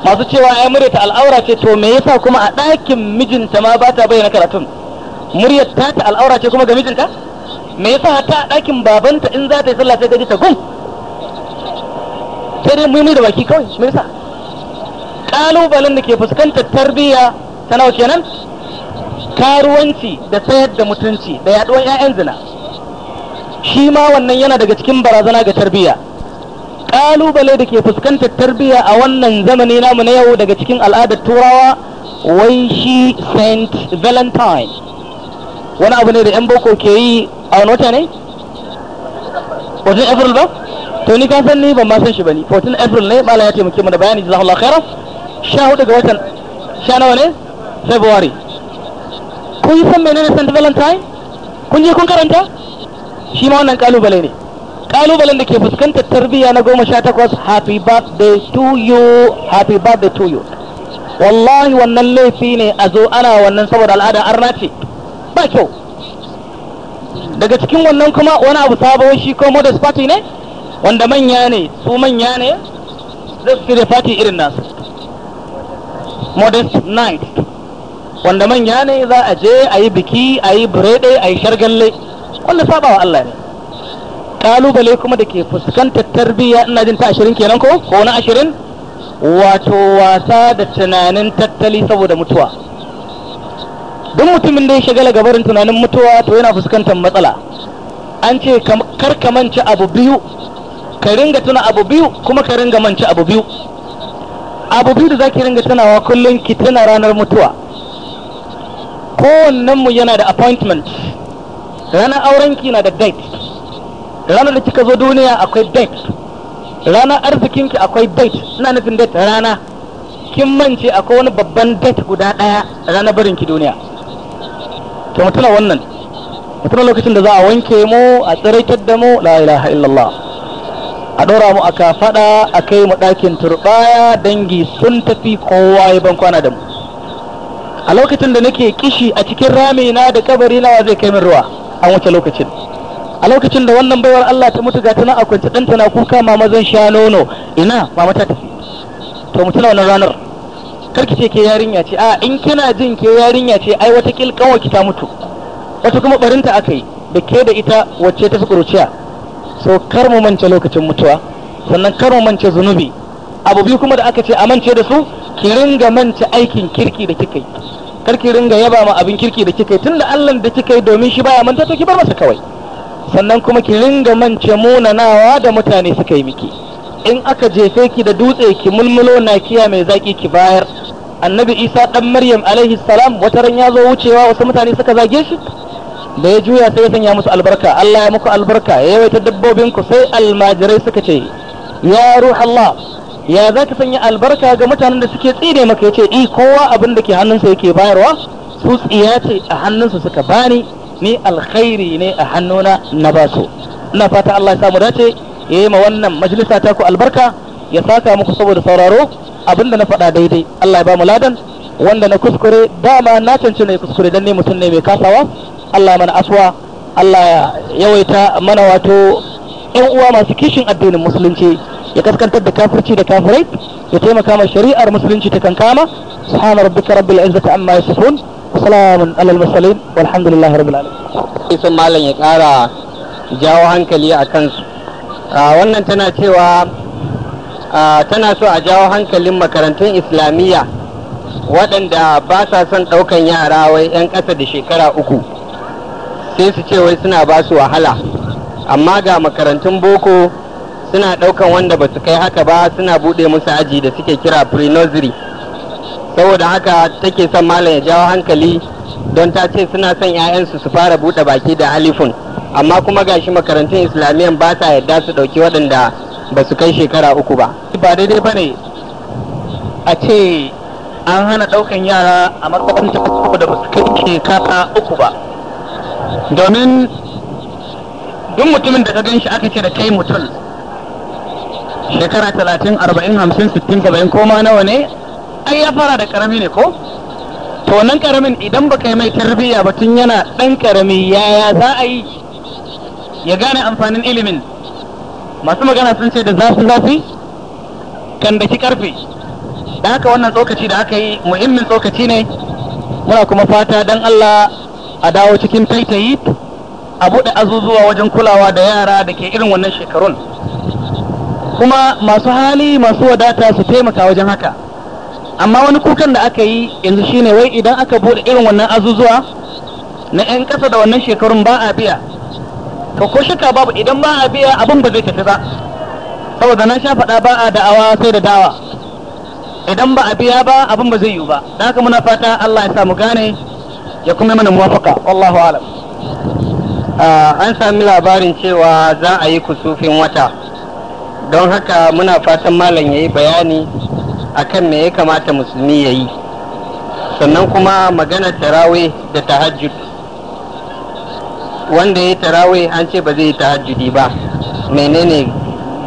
masu cewa ai muryata al'aura ce to me yasa kuma a ɗakin mijinta ma ba ta bayyana karatun muryar ta ta al'aura ce kuma ga mijinta me yasa ta ɗakin babanta in za ta yi sallah sai gaji ta gum sai dai mu da baki kawai me yasa kalubalen da ke fuskantar tarbiyya ta nawa kenan karuwanci da sayar da mutunci da yaduwar 'ya'yan zina shi ma wannan yana daga cikin barazana ga tarbiyya kalubale da ke fuskantar tarbiyya a wannan zamani namu na yau daga cikin al'adar turawa wai shi saint valentine wani abu ne da yan boko ke yi a wani wata ne wajen april ba to ni ka san ni ban ma san shi bane 14 april ne malam ya taimake mu da bayani jazakallahu khairan 14 ga watan 10 nawa ne february kun yi san menene St. Valentine? Kun je kun karanta? Shi ma wannan kalubale ne. Kalubalen da ke fuskantar tarbiyya na goma sha takwas happy birthday to you happy birthday to you. Wallahi wannan laifi ne a zo ana wannan saboda al'ada arna ce. ba kyau daga cikin wannan kuma wani abu sabo shi ko modest party ne wanda manya ne su manya ne zai su da party irin nasu modest night wanda manya ne za a je a yi biki a yi birede a yi shargalle wanda saba wa Allah ne kalubale kuma da ke fuskantar tarbiyya ina jin ta ashirin kenan ko ko na ashirin wato wasa da tunanin tattali saboda mutuwa duk mutumin da ya shagala barin tunanin mutuwa to yana fuskantar matsala an ce kar ka manci abu biyu ka ringa tuna abu biyu kuma ka ringa manci abu biyu abu biyu da za ki ringa tunawa kullum ki tuna ranar mutuwa mu yana da appointment ranar aurenki na da date ranar da kika zo duniya akwai date ranar arzikinki akwai date ina nufin date rana kin mance akwai wani babban date guda ɗaya ranar barin ki duniya to mutuna wannan mutuna lokacin da za a wanke mu a tsiraitar da mu la ilaha illallah a ɗora mu a kafaɗa a kai mu ɗakin turɓaya dangi sun tafi kowa ya ban kwana da mu a lokacin da nake kishi a cikin rami na da kabari nawa zai kai min ruwa an wuce lokacin a lokacin da wannan baiwar Allah ta mutu ga tana a kwance ɗanta na kuka mama zan sha nono ina mama ta tafi to mutuna wannan ranar karki ce ke yarinya ce a in kina jin ke yarinya ce ai wata kilkawa ki ta mutu wata kuma barinta aka yi da ke da ita wacce ta fi ƙuruciya so kar mu mance lokacin mutuwa sannan kar mu mance zunubi abu biyu kuma da aka ce a mance da su ki ringa mance aikin kirki da kika yi kar ki ringa yaba ma abin kirki da kika yi tunda Allah da kika yi domin shi baya manta to ki bar masa kawai sannan kuma ki ringa mance munanawa da mutane suka yi miki in aka jefe ki da dutse ki mulmulo nakiya mai zaki ki bayar annabi isa dan maryam alaihi salam wata ran ya zo wucewa wasu mutane suka zage shi da ya juya sai ya sanya musu albarka Allah ya muku albarka ya yawaita dabbobin ku sai almajirai suka ce ya ruhallah ya za ka sanya albarka ga mutanen da suke tsine maka ya ce i eh, kowa abin da ke hannunsa yake bayarwa su tsiya ce a hannunsu suka bani ni alkhairi ne a hannuna na ba su ina fata Allah ya samu dace ya yi ma wannan majalisa ta ku albarka ya saka muku saboda sauraro abinda na faɗa daidai Allah ya ba mu ladan wanda na kuskure dama na cancanci ne kuskure dan ne mutum ne mai kasawa Allah mana aswa Allah ya yawaita mana wato ƴan uwa masu kishin addinin musulunci ya kaskantar da kafirci da kafirai ya taimaka ma shari'ar musulunci ta kankama subhana rabbika rabbil izzati amma yasifun salamun alal mursalin walhamdulillahi rabbil alamin sai malam ya kara jawo hankali a su wannan tana cewa Ah, tana so a jawo hankalin makarantun islamiyya waɗanda ba sa son ɗaukan yara wai 'yan ƙasa da shekara uku sai su ce wai suna ba su wahala amma ga makarantun boko suna ɗaukan wanda ba su kai haka ba suna buɗe musu aji da suke kira pre-nursery saboda haka take son malam ya jawo hankali don ta ce suna son 'ya'yansu su fara buɗe baki da alifun amma kuma gashi makarantun islamiyan ba sa yarda su ɗauki waɗanda ba su kai shekara uku ba ba daidai ba ne a ce an hana ɗaukan yara a makaranta da ba su kai shekara uku ba domin duk mutumin da ka gan shi aka ce da kai mutum shekara talatin arba'in hamsin sittin saba'in ko ma nawa ne ai ya fara da karami ne ko to wannan karamin idan baka yi mai tarbiyya ba tun yana ɗan karami yaya za a yi ya gane amfanin ilimin masu magana sun ce da zafi zafi kan daki karfe da haka wannan tsokaci da aka yi muhimmin tsokaci ne muna kuma fata dan Allah a dawo cikin taitayi a buɗe azuzuwa wajen kulawa da yara da ke irin wannan shekarun kuma masu hali masu wadata su taimaka wajen haka amma wani kukan da aka yi yanzu shine wai idan aka buɗe irin wannan azuzuwa na 'yan ƙasa da wannan shekarun ba a biya to ko shakka babu idan ba a biya abin ba zai tafi ba saboda nan sha faɗa ba a da'awa sai da dawa idan ba a biya ba abin ba zai yiwu ba don haka muna fata Allah ya sa mu gane ya kuma mana muwafaka wallahu alam an sami labarin cewa za a yi kusufin wata don haka muna fatan malam ya yi bayani akan me ya kamata musulmi yayi sannan kuma magana tarawih da tahajjud wanda ya tarawih an ce ba zai yi tahajjudi ba menene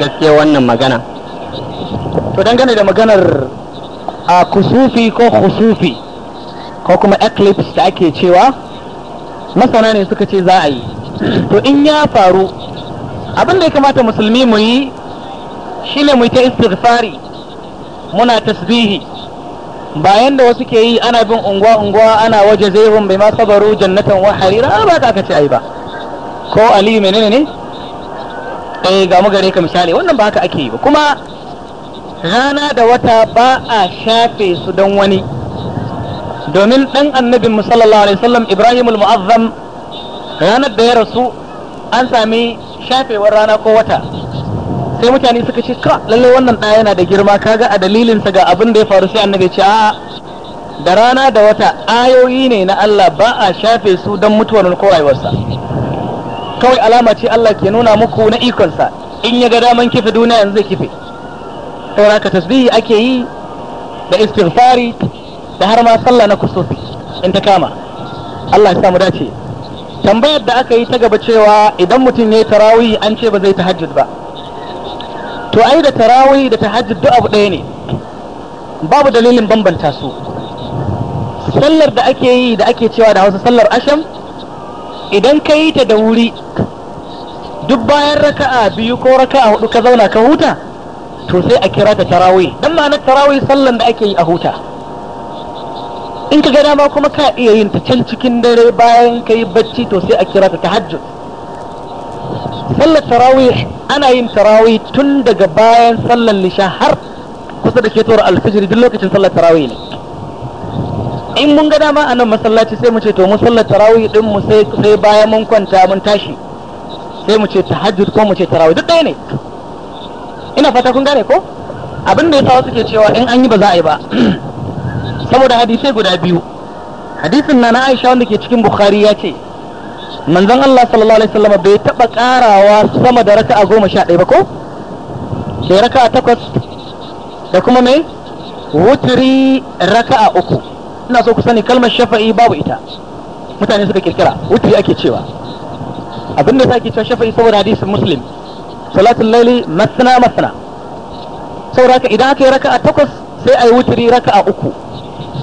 gaske wannan magana to dangane da maganar a kusufi ko kusufi ko kuma eclipse da ake cewa masana ne suka ce za a yi to in ya faru abin da ya kamata musulmi mu yi shine mu ta istighfari muna tasbihi bayan da wasu ke yi ana bin unguwa unguwa ana waje zaihun bai ma sabaru jannatan wa harira ba ka aka ce ai ba ko aliyu menene ne eh ga mu gare ka misali wannan ba haka ake yi ba kuma rana da wata ba a shafe su don wani domin dan annabin sallallahu alaihi wasallam Ibrahim muazzam ranar da ya rasu an sami shafewar rana ko wata sai mutane suka ce ka lalle wannan da yana da girma kaga a dalilin sa ga abin da ya faru sai annabi ce a da rana da wata ayoyi ne na Allah ba a shafe su don mutuwar ko rayuwarsa kawai alama ce Allah ke nuna muku na ikonsa in ya ga daman kife duniya yanzu zai kife saboda ka tasbihi ake yi da istighfari da har ma sallah na kusufi in ta kama Allah ya samu dace tambayar da aka yi ta gaba cewa idan mutum ya yi tarawih an ce ba zai tahajjud ba to ai da tarawih da tahajjud duk abu ɗaya ne babu dalilin bambanta su sallar da ake yi da ake cewa da hausa sallar asham idan ka yi ta da wuri duk bayan raka'a biyu ko raka'a hudu ka zauna ka huta to sai a kira ta tarawih dan ma'anar tarawih sallan da ake yi a huta in ka gada ma kuma ka iya yin ta can cikin dare bayan ka yi bacci to sai a kira ta tahajjud sallar tarawih ana yin tarawih tun daga bayan sallar lisha har kusa da ketowar alfijiri duk lokacin sallar tarawih ne in mun ga dama a nan masallaci sai mu ce to mu sallar tarawih din mu sai sai bayan mun kwanta mun tashi sai mu ce tahajjud ko mu ce tarawih duk ɗaya ne ina fata kun gane ko abin da yasa wasu ke cewa in an yi ba za a yi ba saboda hadisai guda biyu hadisin na na Aisha wanda ke cikin Bukhari ya ce manzon Allah sallallahu alaihi wasallam bai taba karawa sama da raka'a goma sha ɗaya ba ko sai raka'a takwas da kuma mai wutri raka'a uku ina so ku sani kalmar shafa'i babu ita mutane suka kirkira wutri ake cewa abinda sake cewa shafa'i saboda hadisin muslim salatul laili masana masana saboda haka idan aka yi raka'a takwas sai a yi raka raka'a uku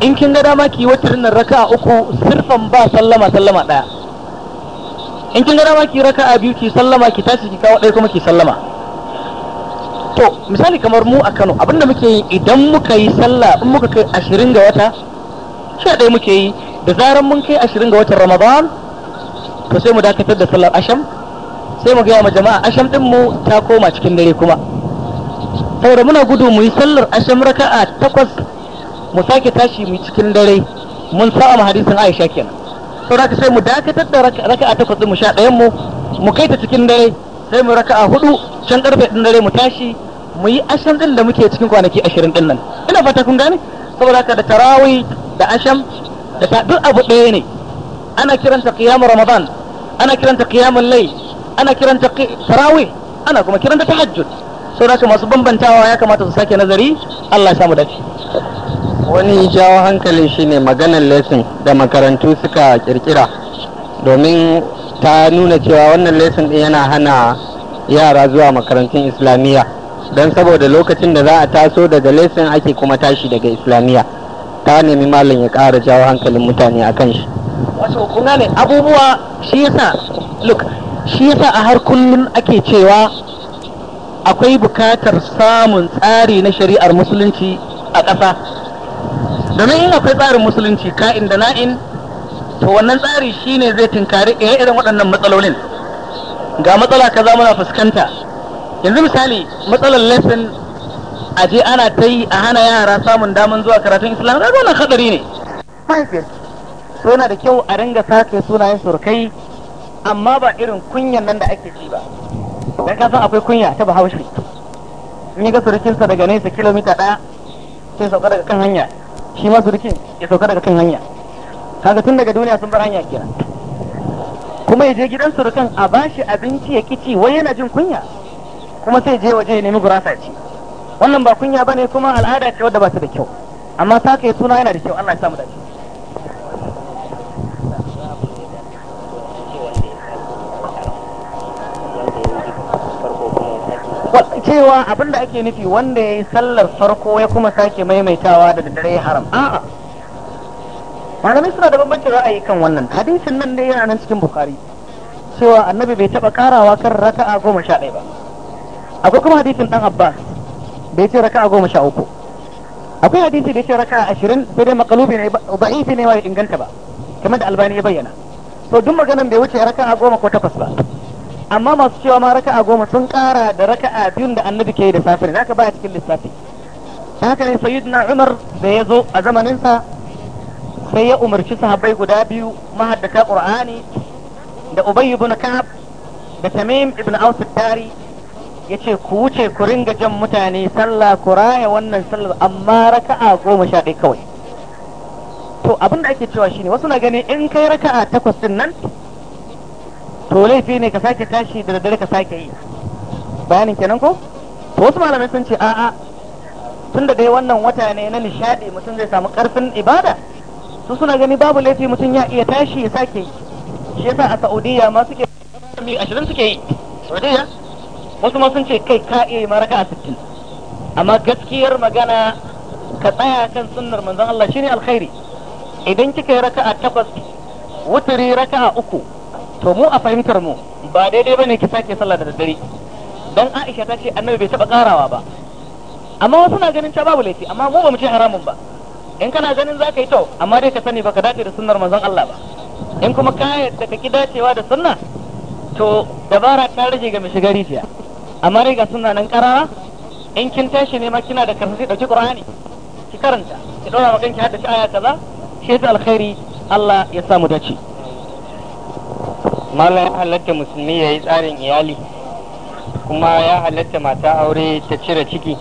in kin ga dama ki wutirin nan raka'a uku sirfan ba sallama sallama daya in kin ga dama ki raka'a biyu ki sallama ki tashi ki kawo ɗaya kuma ki sallama to misali kamar mu a Kano abinda muke yi idan muka yi sallah in muka kai ashirin ga wata sha ɗaya muke yi da zaran mun kai ashirin ga watan ramadan to sai mu dakatar da sallar asham sai mu gaya ma jama'a asham din mu ta koma cikin dare kuma saboda muna gudu mu yi sallar asham raka'a takwas mu sake tashi mu cikin dare mun sa'a ma hadisin aisha kenan saboda sai mu dakatar da raka'a takwas din mu sha ɗayan mu mu kai ta cikin dare sai mu raka'a hudu can karfe ɗin dare mu tashi mu yi ashirin ɗin da muke cikin kwanaki ashirin ɗin nan ina fata kun gane saboda haka da tarawih da asham da duk abu ɗaya ne ana kiranta qiyamu ramadan ana kiranta qiyamul layl ana kiranta tarawih ana kuma kiranta tahajjud sau da masu bambantawa ya kamata su sake nazari Allah ya samu dace wani jawo hankali shine maganar lesson da makarantu suka kirkira domin ta nuna cewa wannan lesson din yana hana yara zuwa makarantun islamiyya don saboda lokacin da za a taso daga lesson ake kuma tashi daga islamiyya ta nemi malam ya ƙara jawo hankalin mutane a kan shi wasu kuna ne abubuwa shi yasa look shi yasa a har kullum ake cewa akwai bukatar samun tsari na shari'ar musulunci a ƙasa domin in akwai tsarin musulunci ka'in da na'in to wannan tsari shi ne zai tinkari irin waɗannan matsalolin ga matsala ka za muna fuskanta yanzu misali matsalar lesson a je ana ta yi a hana yara samun daman zuwa karatun islam da wannan hadari ne mahaifiyar suna da kyau a ringa sake sunayen surkai amma ba irin kunyan nan da ake ji ba dan ka san akwai kunya ta bahaushe in ya ga surukinsa daga nesa kilomita ɗaya sai sauka daga kan hanya shi ma surukin ya sauka daga kan hanya kaga tun daga duniya sun bar hanya kenan kuma ya je gidan surukan a bashi abinci ya kici wai yana jin kunya kuma sai je waje ya nemi gurasa ci wannan ba kunya bane kuma al'ada ce wadda ba ta da kyau amma ta kai suna yana da kyau Allah ya samu da cewa abin da ake nufi wanda ya yi sallar farko ya kuma sake maimaitawa da dare haram a'a malamai suna da bambanci ra'ayi kan wannan hadisin nan dai yana nan cikin bukari cewa annabi bai taba karawa kan raka'a goma sha ɗaya ba akwai kuma hadisin dan abbas da ya ce raka'a goma sha uku akwai hadisi da ya ce raka'a ashirin sai dai makalubi ne da'ifi ne bai inganta ba kamar da albani ya bayyana to duk maganan bai wuce raka'a goma ko takwas ba amma masu cewa ma raka'a goma sun kara da raka'a biyun da annabi ke da safe ne haka baya cikin lissafi haka ne sayyidina umar da ya zo a zamaninsa sai ya umarci sahabbai guda biyu mahaddata qur'ani da ubay ibn ka'ab da tamim ibn aus tari Ya ce ku wuce ku ringa jan mutane sallah ku raya wannan sallar amma raka'a goma sha ɗaya kawai to abin da ake cewa shine wasu na ganin in kai raka'a takwas din nan to laifi ne ka sake tashi da daddare ka sake yi bayanin kenan ko to wasu malamai sun ce a'a tun da dai wannan wata ne na nishadi mutum zai samu ƙarfin ibada su suna gani babu laifi mutum ya iya tashi ya sake yi shi yasa a Saudiya ma suke ashirin suke yi saudiyya. wasu ma sun ce kai ka iya maraka a sittin amma gaskiyar magana ka tsaya kan sunnar manzon Allah shine alkhairi idan kika yi raka'a takwas wuturi raka'a uku to mu a fahimtar mu ba daidai bane ki sake sallah da daddare dan Aisha ta ce annabi bai taba karawa ba amma wasu na ganin ta babu laifi amma mu ba mu ce haramun ba in kana ganin za ka yi to amma dai ka sani baka dace da sunnar manzon Allah ba in kuma ka yadda ka ki dacewa da sunna to dabara ta rage ga mishigari jiya. amma dai ga suna nan karara in kin tashi ne ma kina da karfi dauki qur'ani ki karanta ki dora ma kanki haddace aya kaza shi da alkhairi Allah ya samu dace mallan ya halatta musulmi ya yi tsarin iyali kuma ya halatta mata aure ta cire ciki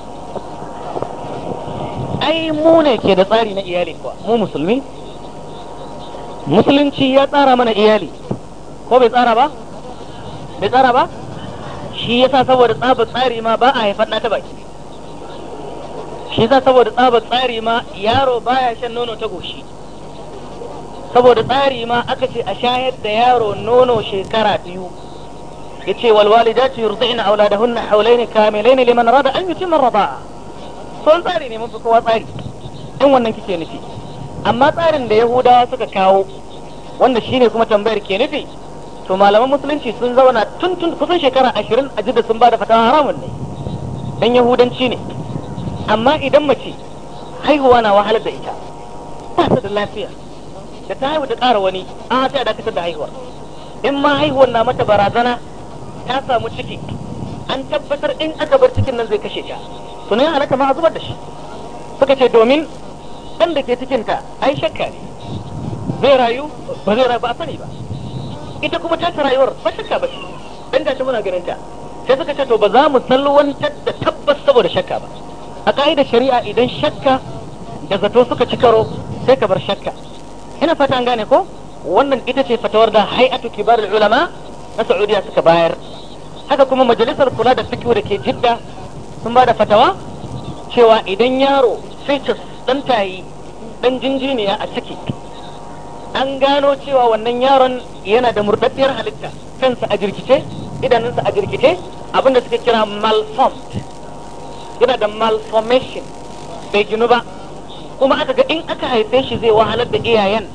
ai mu ne ke da tsari na iyali kuwa mu musulmi musulunci ya tsara mana iyali ko bai tsara ba bai tsara ba shi yasa saboda tsabar tsari ma ba a haifar ta baki shi yasa saboda tsabar tsari ma yaro baya shan nono ta goshi saboda tsari ma aka ce a shayar da yaro nono shekara biyu yace wal walidatu yurdina auladahunna hawlaini kamilaini liman rada an yutimma rada son tsari ne mun fi kowa tsari in wannan kike nufi amma tsarin da yahudawa suka kawo wanda shine kuma tambayar ke nufi to malaman musulunci sun zauna tun tun kusan shekara ashirin a jidda sun ba da fatawa haramun ne dan yahudanci ne amma idan mace haihuwa na wahalar da ita ba ta da lafiya da ta haihu da ƙara wani an da a dakatar da haihuwa in ma haihuwar na mata barazana ta samu ciki an tabbatar in aka bar cikin nan zai kashe ta to ne halaka ma a zubar da shi suka ce domin ɗan da ke cikinta ai shakka ne zai rayu ba zai rayu ba a sani ba ita kuma ta ta rayuwar ba shakka ba dan gashi muna ganin ta sai suka ce to ba za mu salwantar da tabbas saboda shakka ba a ka'idar shari'a idan shakka da zato suka ci karo sai ka bar shakka ina fata an gane ko wannan ita ce fatawar da hay'atu da ulama na Saudiya suka bayar haka kuma majalisar kula da fikihu da ke jidda sun ba da fatawa cewa idan yaro fetus dan tayi dan jinjiniya a ciki an gano cewa wannan yaron yana da murɗaɗɗiyar halitta kansa a jirkice idanunsa a jirkice abinda suka kira malformed yana da malformation bai ginu ba kuma aka ga in aka haife shi zai wahalar da iyayen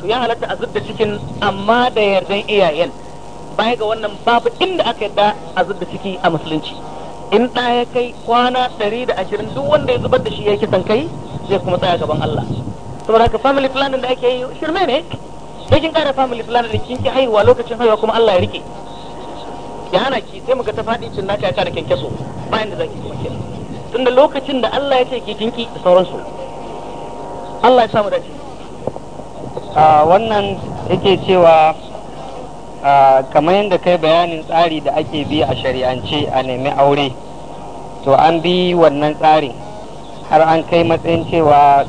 to ya halatta a zubda cikin amma da yardan iyayen baya ga wannan babu inda aka yarda a zubda ciki a musulunci in ɗa ya kai kwana ɗari da ashirin duk wanda ya zubar da shi ya kisan kai zai kuma tsaya gaban Allah saboda haka family planning da ake yi shirme ne sai kin kara family planning da kin ki haihuwa lokacin haihuwa kuma Allah ya rike ya hana ki sai muka ta fadi cin naka ya da kenkeso ba inda zaki kuma ke tunda lokacin da Allah ya ce ki kinki da sauransu Allah ya samu dace a wannan yake cewa kamar yadda kai bayanin tsari da ake bi a shari'ance a nemi aure to an bi wannan tsarin har an kai matsayin cewa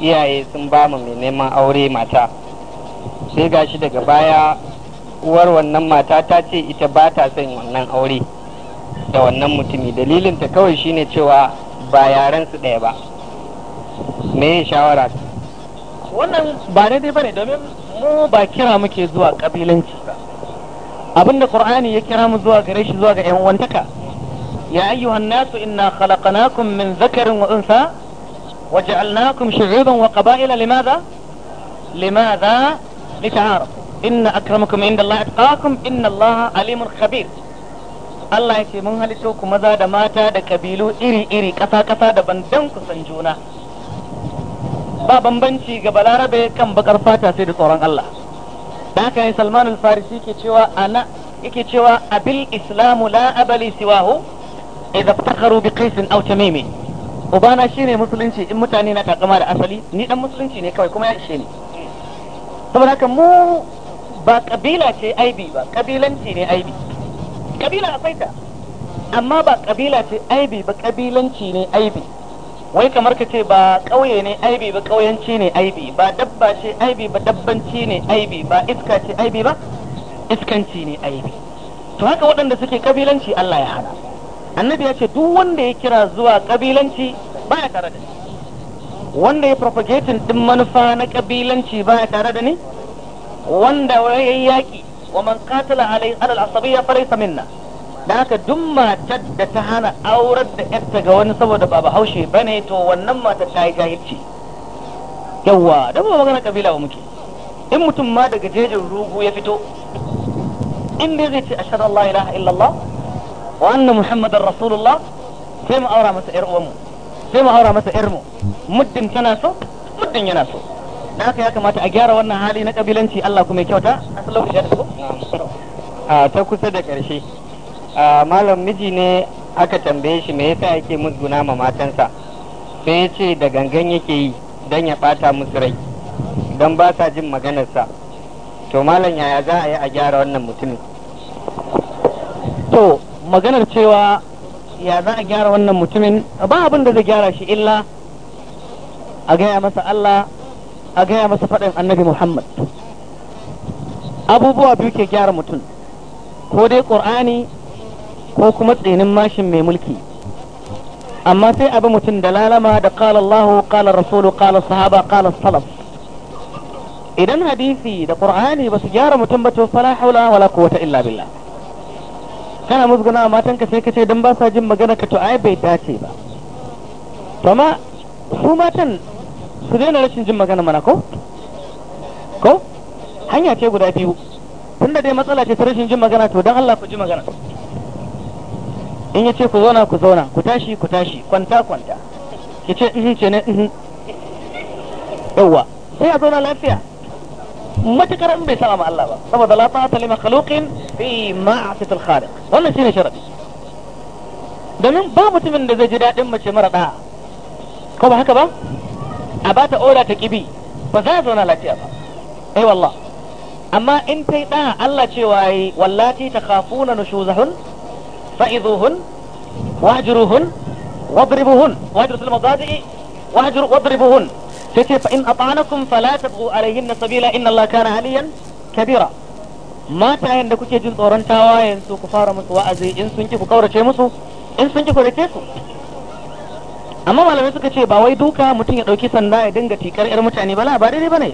iyaye sun ba mu mai neman aure mata sai gashi daga baya uwar wannan mata ta ce ita ba ta son wannan aure da wannan mutumi dalilin ta kawai shine cewa ba yaren su ɗaya ba me shawara wannan ba daidai bane domin mu ba kira muke zuwa kabilanci ba abinda qur'ani ya kira mu zuwa gare shi zuwa ga yan wantaka ya ayyuhan nasu inna khalaqnakum min zakarin wa unsa وجعلناكم شعوبا وقبائل لماذا لماذا لتعارف إن أكرمكم عند الله أتقاكم إن الله عليم خبير الله يكي منهل توكم ذا دماتا دا كبيلو إري إري كفا كفا دا بندنك سنجونا بابا بنشي قبل عربي كم بكر فاتا سيد طوران الله ذاك سلمان الفارسي كي تشوى أنا كي تشوى أبي الإسلام لا أبلي سواه إذا افتخروا بقيس أو تميمي ubana shine musulunci in mutane na takama da asali ni dan musulunci ne kawai kuma ya ishe ni saboda haka mu ba kabila ce aibi ba kabilanci ne aibi kabila akwai ta amma ba kabila ce aibi ba kabilanci ne aibi wai kamar ka ce ba ƙauye ne aibi ba ƙauyanci ne aibi ba dabba ce aibi ba dabbanci ne aibi ba iska ce aibi ba iskanci ne aibi to haka waɗanda suke kabilanci Allah ya hana annabi ya ce duk wanda ya kira zuwa kabilanci baya tare da ni wanda ya propagating din manufa na kabilanci baya tare da ni wanda ya yaki wa man qatala alai alal asabiyya falaysa minna da haka duk matar da ta hana aurar da yarta ga wani saboda ba bahaushe bane to wannan mata ta yi jahilci yawa da ba magana kabila ba muke in mutum ma daga jejin rugu ya fito in dai zai ce ashhadu an la ilaha illallah wa anna muhammadar rasulullah sai mu aura masa yar uwanmu sai mu aura masa yar mu muddin tana so muddin yana so da haka ya kamata a gyara wannan hali na kabilanci Allah kuma ya kyauta a ta kusa da karshe malam miji ne aka tambaye shi me yasa yake musguna ma matansa sai ya ce da gangan yake yi don ya bata musu rai don ba sa jin maganarsa to malam yaya za a yi a gyara wannan mutumin to maganar cewa ya za a gyara wannan mutumin ba abin da zai gyara shi illa a gaya masa Allah a gaya masa faɗin annabi Muhammad abubuwa biyu ke gyara mutum ko dai ƙur'ani ko kuma tsinin mashin mai mulki amma sai abi mutum da lalama da ƙala allahu ƙala rasulu ƙala sahaba ƙala salaf idan hadisi da ƙur'ani ba su gyara mutum ba to fala haula wala quwwata illa billah kana musguna a matanka sai ka ce don ba sa jin magana ka to ai bai dace ba amma su matan su daina rashin jin magana mana ko ko hanya ce guda biyu tunda dai matsala ce ta rashin jin magana to don Allah ku ji magana in ya ce ku zauna ku zauna ku tashi ku tashi kwanta kwanta ki ce in mhm, ce ne in mhm. yawwa sai a zauna lafiya متكرم بسلام الله سبب لا طاعة لمخلوق في معصة الخالق وانا شيني شرب دمين بابو تمن دزي جدا دمة شمرتها آه. كوبا هكبا أبات أولا تكيبي فزازونا لا تيابا اي والله أما انت تا الله شواي واللاتي تخافون نشوزهن فإذوهن واجروهن واضربوهن واجروا سلم الضادئ واجروا واضربوهن tace fa in ata'anakum fala tabghu alayhin sabila inna Allah kana aliyan kabira mata yadda kuke jin tsoron tawayen su ku fara musu wa'azi in sun ki ku kaurace musu in sun ki ku rike su amma malamai suka ce ba wai duka mutum ya dauki sanda ya dinga tikar yar mutane ba ba daidai bane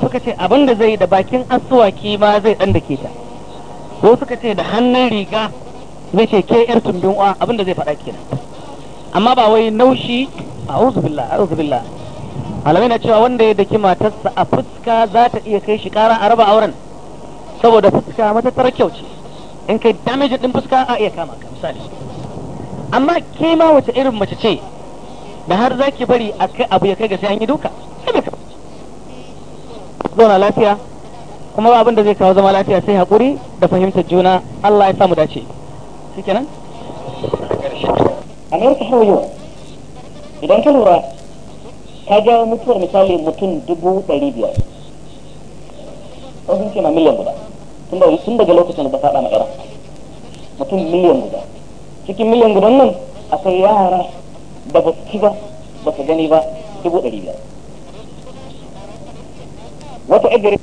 suka ce abin da zai da bakin asuwaki ma zai dan dake ta ko suka ce da hannun riga zai ce ke yar tumbin uwa abin da zai faɗa kenan amma ba wai naushi a'udhu billah a'udhu billah malamai na cewa wanda ya daki matarsa a fuska za ta iya kai shi kara a raba auren saboda fuska matattar kyau ce in kai damage din fuska a iya kama ka misali amma ke ma wace irin mace ce da har za ki bari a kai abu ya kai ga sai an yi duka zauna lafiya kuma ba abin da zai kawo zama lafiya sai haƙuri da fahimtar juna Allah ya samu dace shikenan a har yau idan ka lura ta jawo mutuwar misali mutum dubu ɗari biyar ɗan ce ma miliyan guda tun daga lokacin da ba faɗa na mutum miliyan guda cikin miliyan guda nan akwai yara da ba ci ba ba su gani ba dubu ɗari biyar wata ajiyar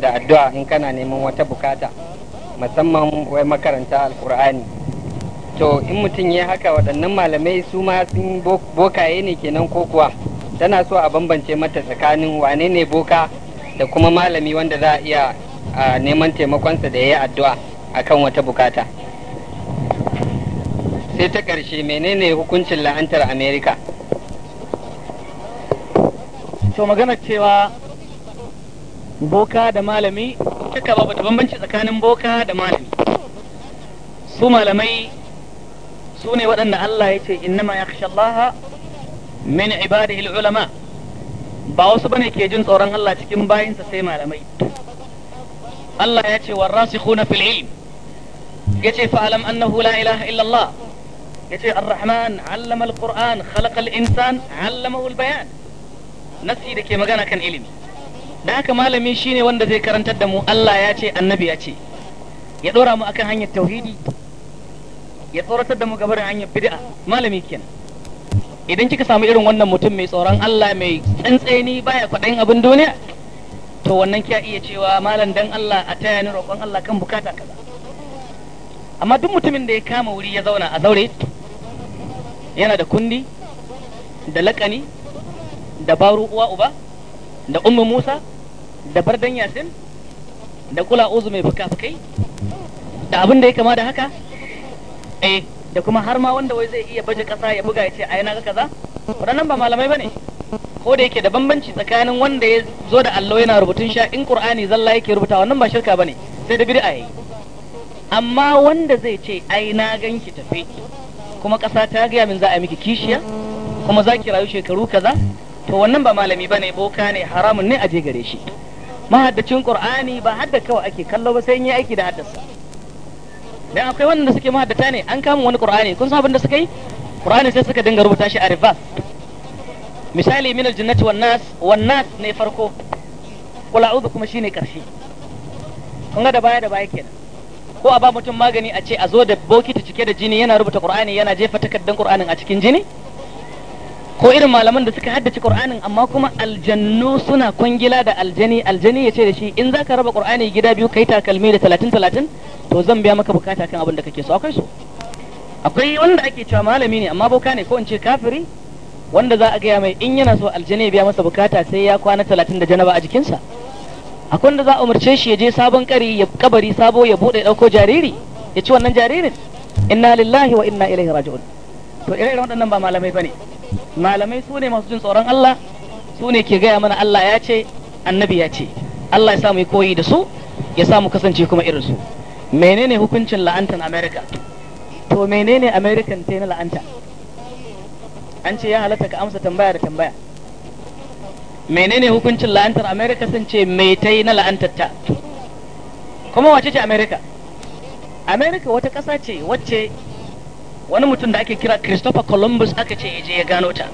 da addu'a in kana neman wata bukata musamman wai makaranta alkur'ani to in mutum ya haka waɗannan malamai su ma sun bokaye ne kenan ko kuwa tana so a bambance mata tsakanin wane ne boka da kuma malami wanda za a iya neman taimakonsa da ya yi addu'a a kan wata bukata sai ta ƙarshe menene hukuncin la'antar amerika to magana cewa boka da malami cika ba ta bambanci tsakanin boka da malami su malamai su ne waɗanda allah ya ce innama ya Allah min ibadihi ulama ba wasu bane ke jin tsoron Allah cikin bayinsa sai malamai Allah ya ce warasikhuna fil ilm yace fa alam annahu la ilaha illa Allah yace ar-rahman 'allama quran khalaqa al-insan 'allamahu al-bayan nasi ke magana kan ilimi da haka malami shine wanda zai karantar da mu Allah ya ce annabi ya ce ya dora mu akan hanyar tauhidi ya tsoratar da mu gabarin hanyar bid'a malami kenan idan kika samu irin wannan mutum mai tsoron Allah mai tsantseni baya kwaɗayin abin duniya to wannan kiya iya cewa malam dan Allah a taya ni roƙon Allah kan bukata kaza amma duk mutumin da ya kama wuri ya zauna a zaure yana da kundi da laƙani da baro uwa uba da ummu Musa da bardan Yasin da kula uzu mai fuka-fukai da abin da ya kama da haka eh da kuma har ma wanda wai zai iya baje kasa ya buga ya ce ai na ga kaza waɗannan ba malamai bane ko da yake da bambanci tsakanin wanda ya zo da Allah yana rubutun sha in qur'ani zalla yake rubuta wannan ba shirka bane sai da bid'a yi. amma wanda zai ce ai na ganki tafe kuma kasa ta gaya min za a miki kishiya kuma za ki rayu shekaru kaza to wannan ba malami bane boka ne haramun ne a je gare shi mahaddacin qur'ani ba hadda kawai ake kallo ba sai in yi aiki da haddasa dan akwai wanda suke mahaddata ne an kama wani qur'ani kun san abin da suka yi qur'ani sai suka dinga rubuta shi a reverse misali min aljannati wan nas wan nas ne farko qul a'udhu kuma shine karshe kun ga da baya da baya kenan ko a ba mutum magani a ce a zo da bokiti cike da jini yana rubuta qur'ani yana jefa takardar qur'anin a cikin jini ko irin malaman da suka haddace qur'anin amma kuma aljannu suna kwangila da aljani aljani ya ce da shi in zaka raba qur'ani gida biyu kai takalmi da talatin talatin to zan biya maka bukata kan abin da kake so akwai so akwai wanda ake cewa malami ne amma boka ne ko in ce kafiri wanda za a gaya mai in yana so aljani biya masa bukata sai ya kwana talatin da janaba a jikinsa akwai wanda za a umarce shi ya je sabon kari ya kabari sabo ya bude dauko jariri ya ci wannan jaririn inna lillahi wa inna ilaihi raji'un to irin waɗannan ba malamai bane malamai su ne masu jin tsoron Allah su ne ke gaya mana Allah ya ce annabi ya ce Allah ya samu koyi da su ya samu kasance kuma irin su menene hukuncin la'antan America to menene American ta na la'anta an ce ya halatta ka amsa tambaya da tambaya menene hukuncin la'antar America sun ce mai ta na la'antar ta kuma wace ce America America wata ƙasa ce wacce wani mutum da ake kira Christopher Columbus aka ce ya je ya gano ta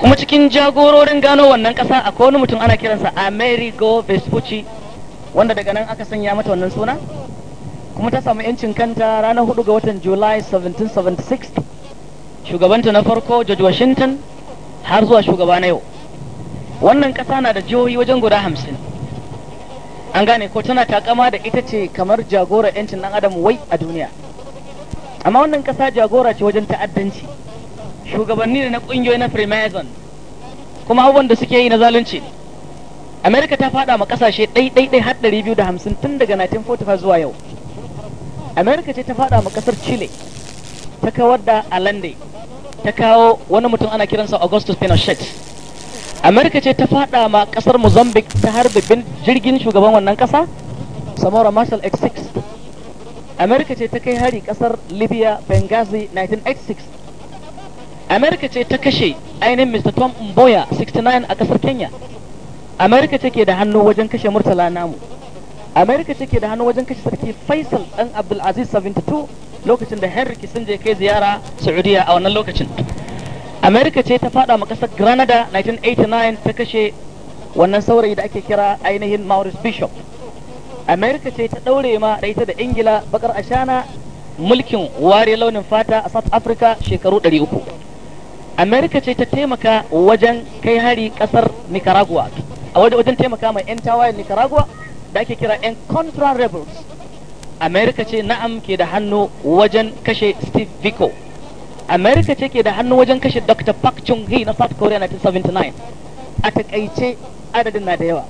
kuma cikin jagororin gano wannan ƙasa akwai wani mutum ana kiransa Amerigo Vespucci wanda daga nan aka sanya mata wannan suna kuma ta samu yancin kanta ranar 4 ga watan July 1776 shugabanta na farko George Washington har zuwa shugaba na yau wannan ƙasa na da jihohi wajen guda hamsin an gane ko tana takama da ita ce kamar jagora 'yancin ɗan adam wai a duniya amma wannan kasa jagora ce wajen ta'addanci shugabanni ne na kungiyoyi na freemason kuma abubuwan da suke yi na zalunci ne america ta fada ma kasashe ɗaiɗaiɗai har ɗari biyu da hamsin tun daga 1945 zuwa yau america ce ta fada ma kasar chile ta kawar da alande ta kawo wani mutum ana kiransa augustus pinochet america ce ta fada ma kasar mozambique ta harbe jirgin shugaban wannan kasa samora marshal x6 amerika ce ta kai hari kasar libya benghazi 1986 amerika ce ta kashe ainihin mr tom mboya 69 a kasar kenya amerika ce ke da hannu wajen kashe murtala namu amerika ce ke da hannu wajen kashe sarki faisal dan abdulaziz 72 lokacin da henry kissinger kai ziyara saudiya a wannan lokacin amerika ce ta fada ma kasar granada 1989 ta kashe wannan saurayi da ake kira ainihin maurice bishop Amerika ce ta daure ma da ita da ingila bakar ashana mulkin ware launin fata a south africa shekaru 300 Amerika ce ta taimaka wajen kai hari kasar nicaragua a wajen taimaka mai 'yan tawayen nicaragua da ake kira 'yan contra rebels Amerika ce na'am ke da hannu wajen kashe steve biko Amerika ce ke da hannu wajen kashe dr park chung hee na south korea 1979 a takaice adadin na da yawa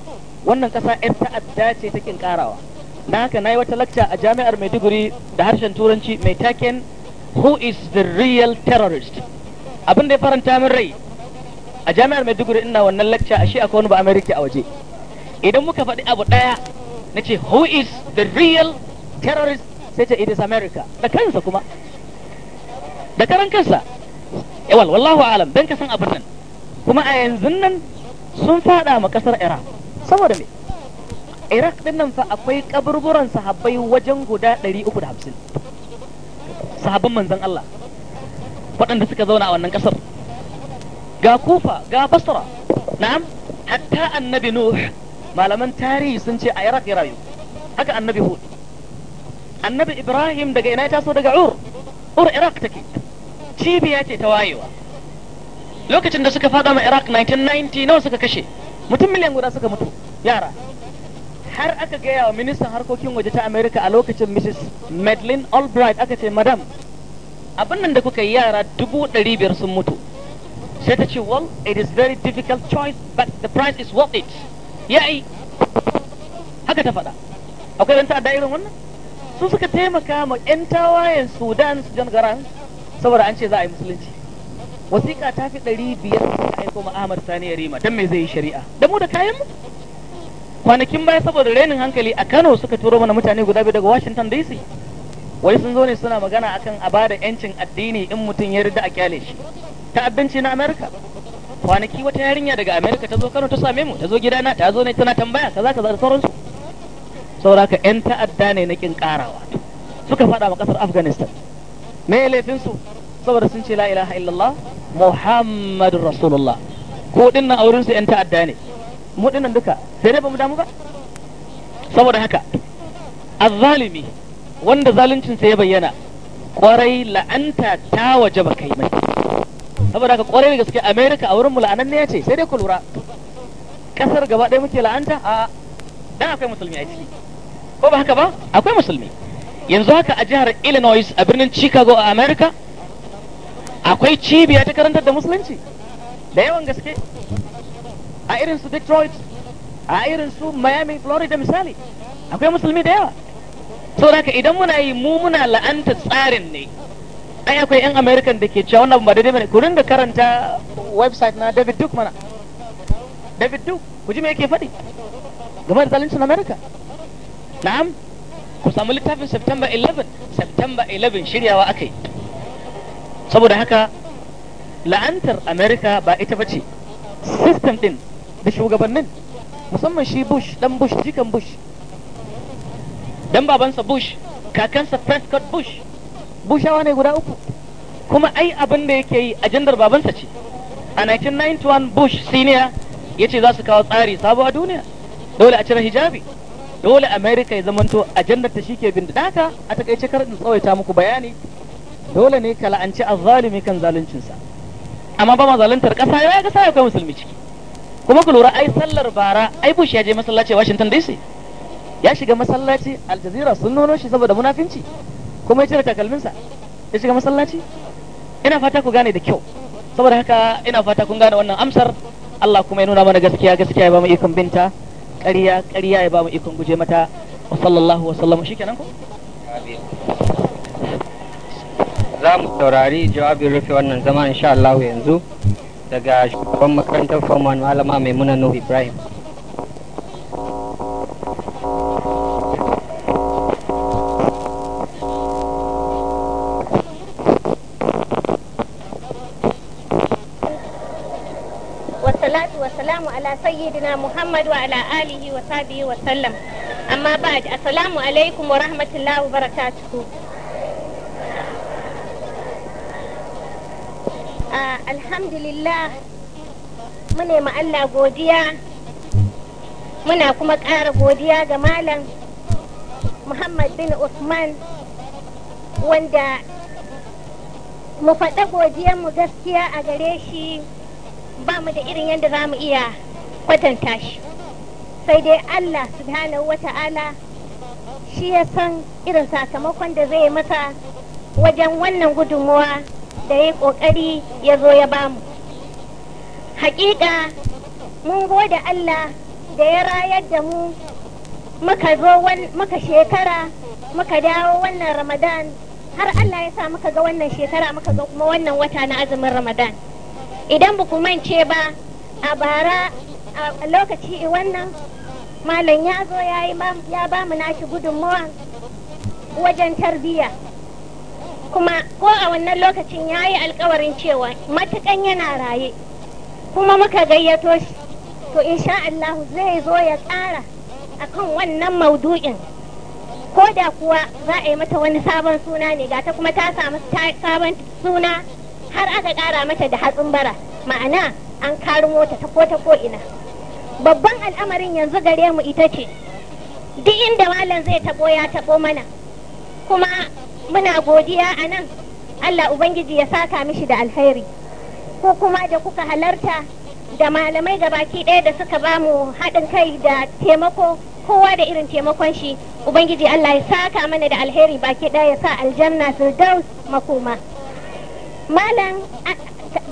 wannan ƙasa yan ta'adda ce ta kin karawa na haka na yi wata lakca a jami'ar maiduguri da harshen turanci mai taken who is the real terrorist abin da ya faranta min rai a jami'ar maiduguri ina wannan lakca a shi a wani ba amerika a waje idan muka faɗi abu ɗaya na ce who is the real terrorist sai ce it is america da kansa kuma da karan kansa yawal wallahu alam dan ka san abin nan kuma a yanzu nan sun faɗa ma ƙasar iraq saboda me iraq din nan fa akwai kaburburan sahabbai wajen guda 350 sahabban manzon Allah waɗanda suka zauna a wannan ƙasar ga kufa ga basra na'am hatta annabi nuh malaman tarihi sun ce a iraq ya rayu haka annabi hud annabi ibrahim daga ina ya taso daga ur ur iraq take cibiya ce ta wayewa lokacin da suka fada ma iraq 1990 nawa suka kashe mutum miliyan guda suka mutu yara har aka gaya wa ministan harkokin waje ta america a lokacin mrs madeline albright aka ce madam abin nan da kuka yi yara dubu ɗari biyar sun mutu sai ta ce well it is very difficult choice but the price is worth it yayi haka ta faɗa akwai zanta ta'adda irin wannan su suka taimaka ma 'yan tawayen sudan su jan garan saboda an ce za a yi musulunci wasiƙa ta fi ɗari biyar a aiko ma'amar Ahmad Sani Yarima don me zai yi shari'a da mu da kayan mu kwanakin baya saboda renin hankali a Kano suka turo mana mutane guda biyu daga Washington DC wai sun zo ne suna magana akan a bada yancin addini in mutum ya rida a kyale shi Ta abinci na Amerika kwanaki wata yarinya daga Amerika ta zo Kano ta same mu ta zo gidana ta zo ne tana tambaya kaza kaza da sauransu sauraka yan ta'adda ne na kin karawa suka faɗa ma kasar Afghanistan me laifinsu saboda sun ce la ilaha illallah Muhammadu Rasulullah ko dinnan a su 'yan ta'adda ne mu dinnan duka sai dai ba mu damu ba saboda haka azzalimi wanda zaluncinsa ya bayyana kwarai la'anta ta waje ba kai mai saboda haka kwarai da gaske America a mu la'anan ne ya ce sai dai ku lura kasar gaba ɗaya muke la'anta a dan akwai musulmi a ciki ko ba haka ba akwai musulmi yanzu haka a jihar Illinois a birnin Chicago a America akwai cibiya ta karantar da musulunci da yawan gaske a irin su detroit a irin su miami florida misali akwai musulmi da yawa so haka idan muna yi mu muna la'anta tsarin ne ai akwai yan american da ke cewa wannan ba daidai bane ku ringa karanta website na david duke mana david duke ku ji me yake faɗi game da zalincin america na'am ku samu littafin september 11 september 11 shiryawa akai saboda haka la'antar Amerika ba ita ba ce system din da shugabannin musamman shi bush dan bush jikan bush dan babansa bush kakansa prescott bush bushawa ne guda uku kuma ai abin da yake yi ajandar babansa ce a 1991 bush senior ya ce za su kawo tsari sabo a duniya dole a cire hijabi dole Amerika ya zamanto ajandar ta shi ke bin da a takaice kar in tsawaita muku bayani dole ne ka la'anci azzalimi kan zaluncinsa amma ba ma zaluntar ƙasa ya ƙasa ya kai musulmi ciki kuma ku lura ai sallar bara ai bush ya je masallaci Washington DC ya shiga masallaci Al Jazeera sun nono shi saboda munafinci kuma ya cire takalminsa ya shiga masallaci ina fata ku gane da kyau saboda haka ina fata kun gane wannan amsar Allah kuma ya nuna mana gaskiya gaskiya ya ba mu ikon binta ƙarya ƙarya ya ba mu ikon guje mata wa sallallahu wa sallam shikenan ko za mu saurari jawabin rufe wannan zama insha Allah yanzu daga shugaban makarantar form 1 malama maimuna nuhu ibrahim والسلام على سيدنا محمد وعلى آله وصحبه وسلم أما بعد السلام عليكم ورحمة الله وبركاته alhamdulillah mune ma Allah godiya muna kuma ƙara godiya ga malam Muhammad bin Usman wanda mu faɗa mu gaskiya a gare shi ba mu da irin yadda za mu iya kwatanta shi sai dai Allah subhanahu wa ta'ala shi ya san irin sakamakon da zai masa wajen wannan gudunmuwa da ya kokari ya zo ya bamu hakika mun gode Allah da ya rayar da mu muka zo muka shekara muka dawo wannan ramadan har Allah ya sa muka ga wannan shekara muka ga kuma wannan wata na azumin ramadan idan ba ku mance ba a bara a lokaci wannan malam ya zo ya ba mu nashi gudunmawa wajen tarbiyya kuma ko a wannan lokacin ya yi alkawarin cewa matukan yana raye kuma muka gayyato shi to insha Allah zai zo ya tsara akan wannan maudu'in ko da kuwa za a yi mata wani sabon suna ne gata kuma ta samu sabon suna har aka ƙara mata da hatsin bara ma'ana an karumo ta ta ko ta ko ina babban al'amarin yanzu gare mu ita ce duk inda malam zai tabo ya taɓo mana kuma muna godiya a nan Allah Ubangiji ya saka mishi da alheri ko kuma da kuka halarta da malamai baki ɗaya da suka ba mu haɗin kai da taimako kowa da irin taimakon shi ubangiji Allah ya saka mana da alheri baki ɗaya ya sa aljanna firdaus makoma malam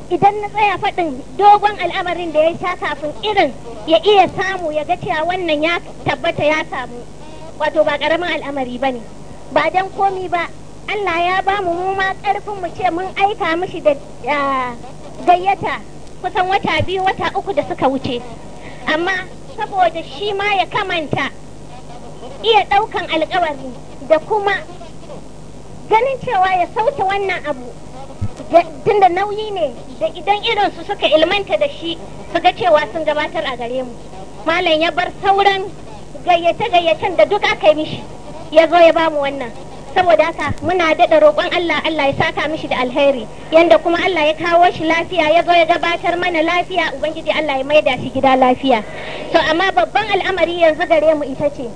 idan na tsaya faɗin dogon al'amarin da ya sha kafin irin ya iya samu ya ga cewa wannan ya tabbata ya samu wato ba ƙaramin al'amari ba ne ba don komi ba Allah ya ba mu mu ma ƙarfin mu ce mun aika mishi da gayyata kusan wata biyu wata uku da suka wuce amma saboda shi ma ya kamanta iya ɗaukan alkawari da kuma ganin cewa ya sauke wannan abu tunda nauyi ne da idan su suka ilmanta da shi su ga cewa sun gabatar a gare mu malam ya bar sauran gayyace-gayyacen da duk aka yi mishi ya zo ya bamu wannan saboda haka muna daɗa roƙon Allah Allah ya saka mishi da alheri yanda kuma Allah ya kawo shi lafiya ya zo ya gabatar mana lafiya ubangiji Allah ya maida shi gida lafiya to amma babban al'amari yanzu gare mu ita ce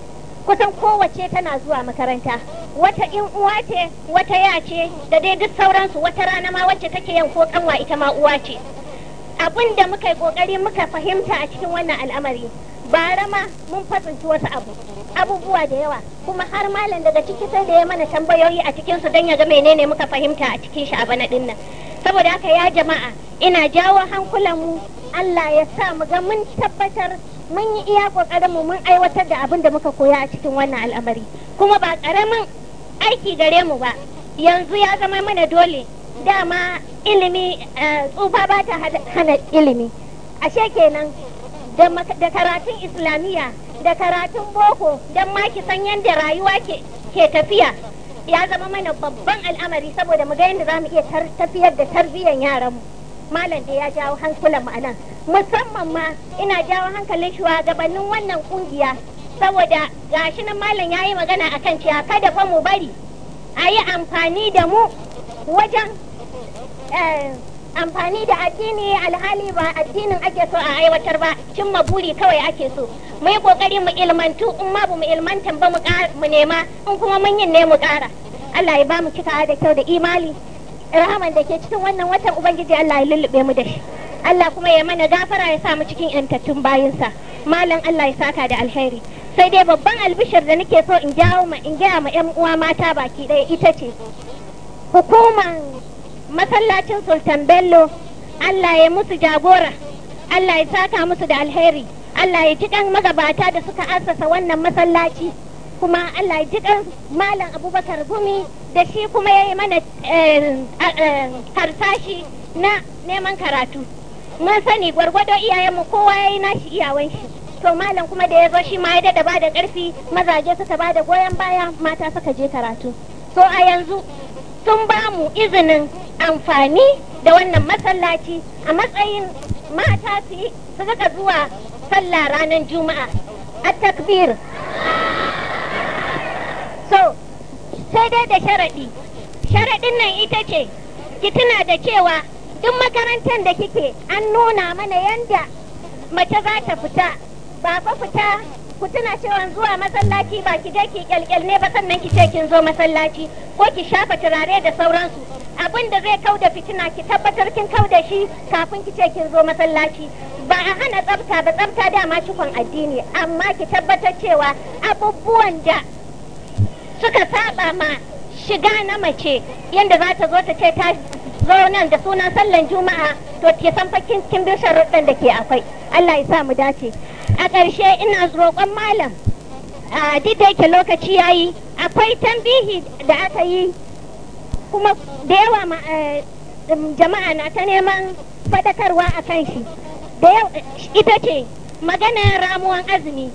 kusan kowace tana zuwa makaranta wata in uwa ce wata ya ce da dai duk sauransu wata rana ma wacce take yan ko kanwa ita ma uwa ce abin da muka yi kokari muka fahimta a cikin wannan al'amari bara ma mun fasanci wasu abu abubuwa da yawa kuma har malam daga ciki sai da ya mana tambayoyi a cikin su don ya ga menene muka fahimta a cikin shi a bana din nan saboda haka ya jama'a ina jawo hankulan mu Allah ya sa mu ga mun tabbatar mun yi iya kokarin mu mun aiwatar da abin da muka koya a cikin wannan al'amari kuma ba karamin aiki gare mu ba yanzu ya zama mana dole dama ilimi eh, tsufa ba ta hana ilimi ashe kenan da karatun islamiyya da karatun boko don ma ki san yadda rayuwa ke tafiya ya zama mana babban al'amari saboda mu ga yadda za mu iya tafiyar da tarbiyyar yaranmu malam da ya jawo hankulan mu anan musamman ma ina jawo hankalin gabanin wannan kungiya saboda gashi nan malam ya yi magana a kan cewa kada fa mu bari a yi amfani da mu wajen eh, amfani da addini alhali ba addinin ake so a aiwatar ba cimma buri kawai ake so mu yi kokari mu ilmantu in ma mu ilmantan ba mu nema in kuma mun yin ne mu kara Allah ya ba mu cika da kyau da imani rahaman da ke cikin wannan watan ubangiji Allah ya lullube mu da shi Allah kuma ya mana gafara ya sa mu cikin yantattun bayinsa malam Allah ya saka da alheri sai dai babban albishir da nake so in jawo ma in gaya ma yan uwa mata baki ɗaya ita ce hukuman masallacin sultan bello allah ya musu jagora allah ya saka musu da alheri allah ya ji kan magabata da suka asasa wannan masallaci kuma allah ya ji kan malam abubakar gumi da shi kuma ya yi mana eh, eh, harsashi na neman karatu mun sani gwargwado iyayenmu kowa ya yi nashi iyawan shi to malam kuma da ya zo shi ma ya dada ba da karfi mazaje suka ba da goyon baya mata suka je karatu to a yanzu sun ba mu izinin amfani da wannan masallaci a matsayin mata su yi su rika zuwa sallah ranar juma'a a takbir so sai dai da sharaɗi sharaɗin nan ita ce ki tuna da cewa duk makarantar da kike an nuna mana yanda mace za ta fita ba fa fita ku tuna cewa zuwa masallaci ba ki je ki kyalkyal ne ba sannan ki ce kin zo masallaci ko ki shafa turare da sauransu abin da zai kau da fitina ki tabbatar kin kau da shi kafin ki ce kin zo masallaci ba a hana tsafta ba tsafta dama cikon addini amma ki tabbatar cewa abubuwan da suka saba ma shiga na mace yadda za ta zo ta ce ta zo nan da sunan sallan juma'a to ki san fakin kin bi sharuɗɗan da ke akwai Allah ya sa mu dace a ƙarshe ina roƙon malam a duk yake lokaci ya yi akwai tambihi da aka yi kuma da yawa eh, jama'a na ta neman fadakarwa a kan shi da ita ce magana ramuwan azumi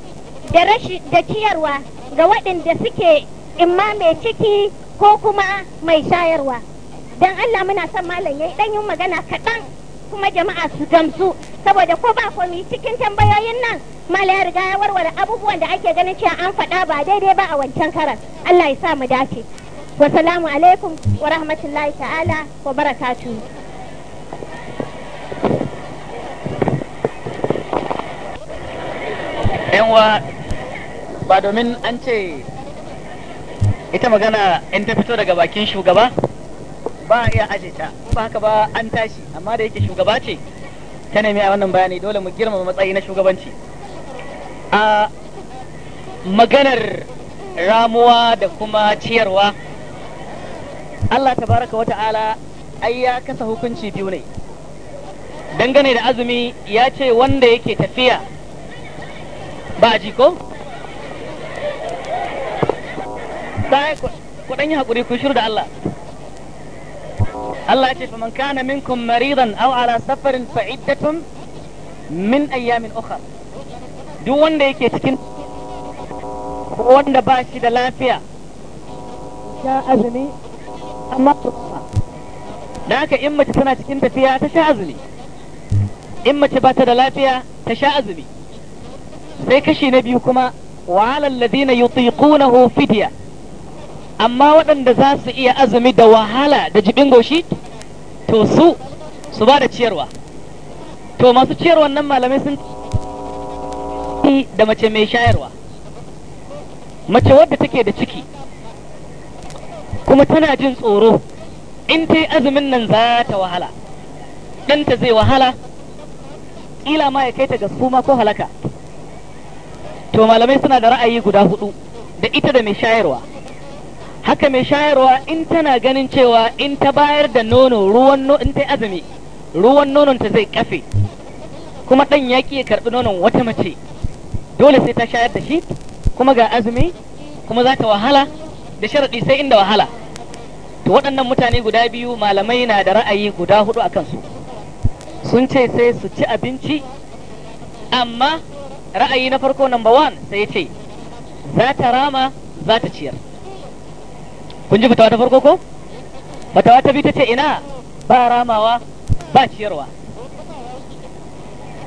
da da ciyarwa ga waɗanda suke imma mai ciki ko kuma mai shayarwa don allah muna son malam ya yi ɗanyin magana kaɗan kuma jama'a su gamsu saboda ko ba komi cikin tambayoyin nan mala ya riga ya warware abubuwan da ake ganin cewa an faɗa ba daidai ba a wancan karan Allah ya sa mu dace salamu alaikum wa rahmatullahi ta'ala wa barakatuhu yanwa ba domin an ce ita magana in ta fito daga bakin shugaba ba a iya aje ta in ba haka ba an tashi amma da yake shugaba ce ta nemi a wannan bayani dole mu girmama matsayi na shugabanci a maganar ramuwa da kuma ciyarwa Allah tabaraka wa ta'ala ai ya kasa hukunci biyu ne dangane da azumi ya ce wanda yake tafiya ba a ji ko? Sai yi haƙuri ku shiru da Allah. Allah ya ce faman kana minkum maridan aw ala safarin fa iddatun min ayyamin ukhra duk wanda yake cikin wanda ba shi da lafiya sha azumi amma da haka in mace tana cikin tafiya ta sha azumi in mace bata da lafiya ta sha azumi sai kashi na biyu kuma wa alal ladina yutiqunahu fidya amma waɗanda za su iya azumi da wahala da jibin goshi to su su ba da ciyarwa to masu ciyarwan nan malamai sun da mace mai shayarwa mace wadda take da ciki kuma tana jin tsoro in ta yi azumin nan za ta wahala ɗanta zai wahala ƙila ma ya kai ta ga suma ko halaka to malamai suna da ra'ayi guda hudu da ita da mai shayarwa haka mai shayarwa in tana ganin cewa in ta bayar da nono ruwan nono in ta azumi ruwan nonon ta zai kafe kuma ɗan ya ya karbi nonon wata mace dole sai ta shayar da shi kuma ga azumi kuma za ta wahala da sharaɗi sai inda wahala to waɗannan mutane guda biyu malamai na da ra'ayi guda hudu a kansu sun ce sai su ci abinci amma ra'ayi na farko number one sai ya ce za ta rama za ta ciyar kun ji fitawa ta farko ko fitawa ta biyu ta ce ina ba ramawa ba ciyarwa